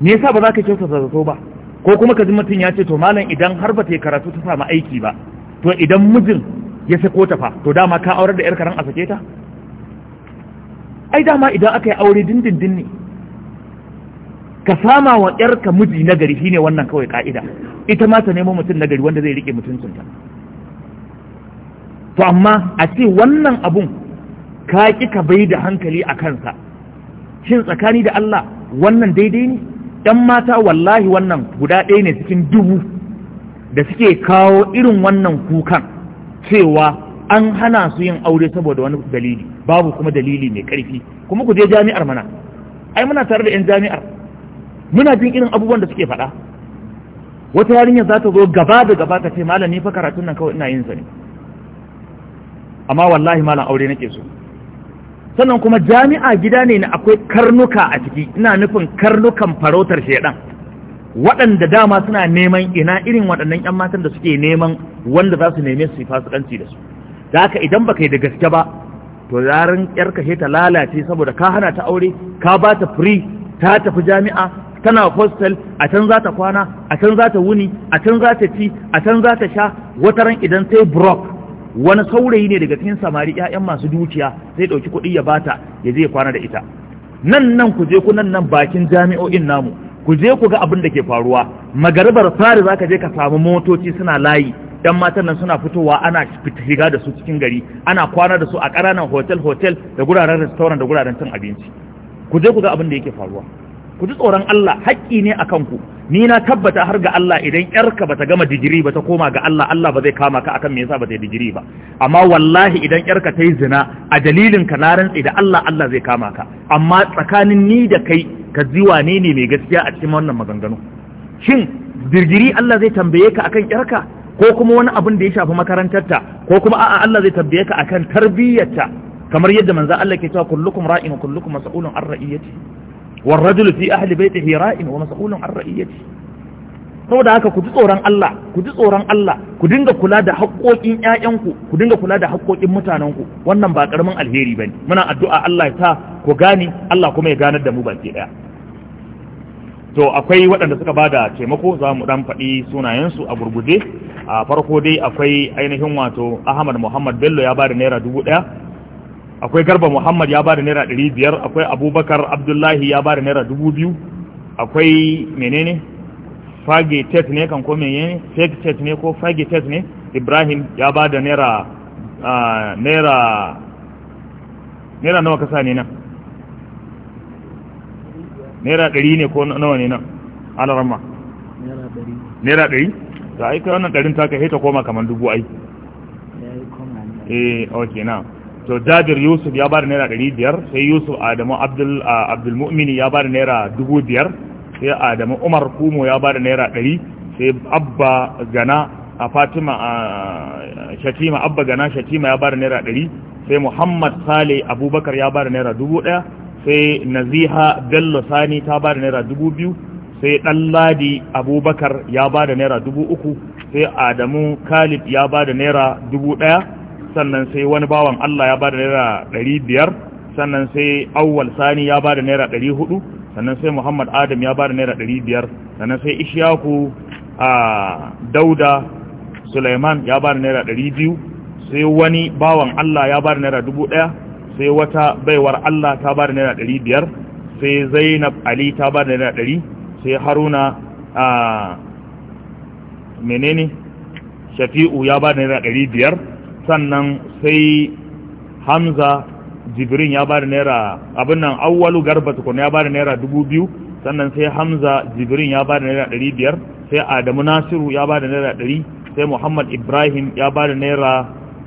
me yasa ba za ka kyauta zato ba ko kuma ka ji mutum ya ce to malam idan har ba ta karatu ta samu aiki ba to idan mijin ya sako ta fa to dama ka aurar da yar karan a sake ta ai dama idan aka yi aure dindindin ne ka sama wa yarka miji nagari shine wannan kawai ka'ida ita ma ta nemo mutum nagari wanda zai rike mutuncinta to amma a ce wannan abun ka ƙi ka bai da hankali a kansa shin tsakani da Allah wannan daidai ne ɗan mata wallahi wannan guda ɗaya ne cikin dubu da suke kawo irin wannan kukan cewa an hana su yin aure saboda wani dalili babu kuma dalili mai ƙarfi kuma ku je jami'ar mana ai muna tare da 'yan jami'ar muna jin irin abubuwan da suke faɗa wata yarinya za ta zo gaba da gaba ta ce malam ni fa karatun nan kawai ina yin sa ne amma wallahi malam aure nake so sannan kuma jami'a gida ne na akwai karnuka a ciki ina nufin karnukan farautar shaidan waɗanda dama suna neman ina irin waɗannan 'yan matan da suke neman wanda za su neme su yi fasikanci da su da haka idan baka yi da gaske ba to yaran yarka kashe ta lalace saboda ka hana ta aure ka ba ta free ta tafi jami'a tana hostel a can za ta kwana a can za ta wuni a can za ta ci a can za ta sha wataran idan sai broke wani saurayi ne daga cikin samari ƴaƴan masu dukiya zai ɗauki kuɗi ya bata ya je kwana da ita nan nan ku je ku nan nan bakin jami'o'in namu ku je ku ga abin da ke faruwa magarbar fari za ka je ka samu motoci suna layi ɗan matan nan suna fitowa ana shiga da su cikin gari ana kwana da su a ƙananan hotel hotel da guraren restaurant da guraren cin abinci ku je ku ga abin da yake faruwa ku ji tsoron Allah haƙƙi ne a kanku ni na tabbata har ga Allah idan yarka bata gama digiri ba ta koma ga Allah Allah ba zai kama ka akan me yasa bata yi digiri ba amma wallahi idan ƴarka ta yi zina a dalilin ka na rantsi da Allah Allah zai kama ka amma tsakanin ni da kai ka ji wane ne mai gaskiya a cikin wannan maganganu shin digiri Allah zai tambaye ka akan ƴarka ko kuma wani abin da ya shafi makarantarta ko kuma a'a Allah zai tambaye ka akan tarbiyyarta kamar yadda manzo Allah ke cewa kullukum ra'in kullukum mas'ulun an ra'iyyati والرجل في أهل بيته رائن ومسؤول عن رئيته saboda haka ku ji tsoron Allah ku ji tsoron Allah ku dinga kula da haƙoƙin ƴaƴanku ku dinga kula da haƙoƙin mutanenku wannan ba ƙaramin alheri ba ne. muna addu'a Allah ya sa ku gane Allah kuma ya ganar da mu baki ɗaya. to akwai waɗanda suka ba da taimako za mu dan faɗi sunayensu a gurguje a farko dai akwai ainihin wato Ahmad Muhammad Bello ya bada naira dubu ɗaya akwai garba muhammad ya bada naira ɗari biyar akwai abubakar abdullahi ya bada naira dubu biyu akwai menene fage tet ne kan ko menene fake tet ne ko fage tet ne ibrahim ya bada naira naira naira nawa kasa ne nan naira ɗari ne ko nawa ne nan alarama naira ɗari yi kai wannan ɗarin ta ka hita koma kamar dubu ai eh ok na to jabir yusuf ya bada naira ɗari biyar sai yusuf adamu abdulmu'mini ya bada naira dubu biyar sai adamu umar kumo ya bada naira ɗari sai abba gana a fatima shatima abba gana shatima ya bada naira ɗari sai muhammad sale abubakar ya bada naira dubu ɗaya sai naziha bello sani ta bada naira dubu biyu sai ɗanladi abubakar ya bada naira dubu uku sai adamu kalib ya bada naira dubu ɗaya sannan sai wani bawan Allah ya ba da naira ɗari biyar sannan sai awwal sani ya ba da naira ɗari hudu sannan sai muhammad adam ya ba da naira ɗari biyar sannan sai ishaku a dauda suleiman ya ba da naira ɗari biyu sai wani bawan Allah ya ba da naira dubu ɗaya sai wata baiwar Allah ta ba da naira ɗari biyar sai zainab ali ta ba da naira ɗari sai haruna a menene shafi'u ya ba da naira ɗari biyar sannan sai hamza jibrin ya bada naira abin nan awwalu garba tukun ya bada naira dubu biyu sannan sai hamza jibrin ya bada naira ɗari biyar sai adamu nasiru ya bada naira ɗari sai muhammad ibrahim ya bada naira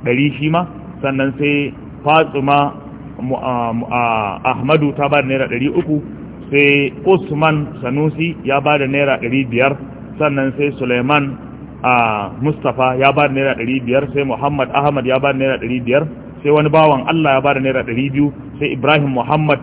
ɗari shi ma sannan sai fatsuma ahmadu ta bada naira ɗari uku sai usman sanusi ya bada naira ɗari biyar sannan sai suleiman a Mustapha ya ba da naira ɗari biyar sai Muhammad Ahmad ya ba da naira ɗari biyar sai wani bawan Allah ya ba da naira ɗari biyu sai Ibrahim Muhammad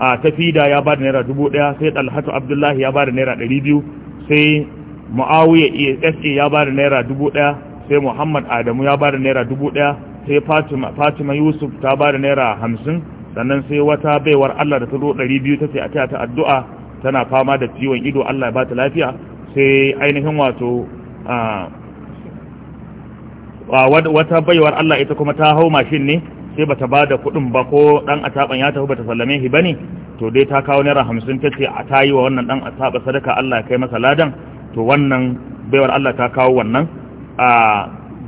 a tafida ya ba da naira dubu ɗaya sai dalhatu Abdullahi ya ba da naira ɗari biyu sai Muawiya ESA ya ba da naira dubu ɗaya sai Muhammad Adamu ya ba da naira dubu ɗaya sai Fatima Fatima Yusuf ta ba da naira hamsin sannan sai wata baiwar Allah da ta zo ɗari biyu ta ce a ta addu'a tana fama da ciwon ido Allah ya ba ta lafiya sai ainihin wato Ah. Ah, wata baiwar Allah ita kuma ta hau mashin ne sai bata ba da kuɗin ba ko ɗan ataban ya tafi bata sallame shi ba ne to dai ta kawo naira hamsin ta ce a ta wa wannan ɗan ataba sadaka Allah ya kai masa ladan to wannan baiwar Allah ta kawo wannan a ah,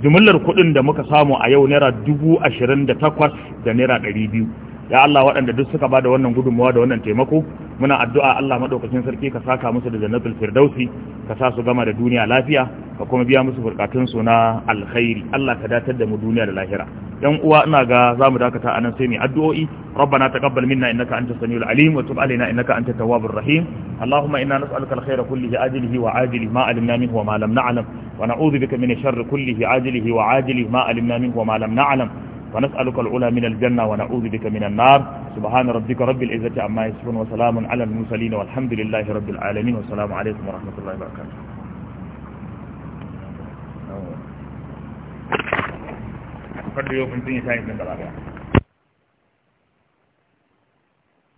jumlar kuɗin da muka samu a yau naira dubu ashirin da takwas da naira ɗari biyu ya Allah waɗanda duk suka ba da wannan gudunmawa da wannan taimako muna addu'a Allah madaukakin sarki ka saka musu da jannatul firdausi ka sa su gama da duniya lafiya ka kuma biya musu burkatun su na alkhairi Allah ka datar da mu duniya da lahira yan uwa ina ga zamu dakata anan sai mu addu'o'i rabbana taqabbal minna innaka antas samiul alim wa tub alaina innaka antat tawwabur rahim allahumma inna nas'aluka alkhaira kullihi ajlihi wa ajlihi ma alimna minhu wa ma lam na'lam wa na'udhu bika min sharri kullihi ajlihi wa ajlihi ma alimna wa ونسألك العلا من الجنة ونعوذ بك من النار سبحان ربك رب العزة عما يصفون وسلام على المرسلين والحمد لله رب العالمين والسلام عليكم ورحمة الله وبركاته kada yau kun sun yi shayin sun gaba daya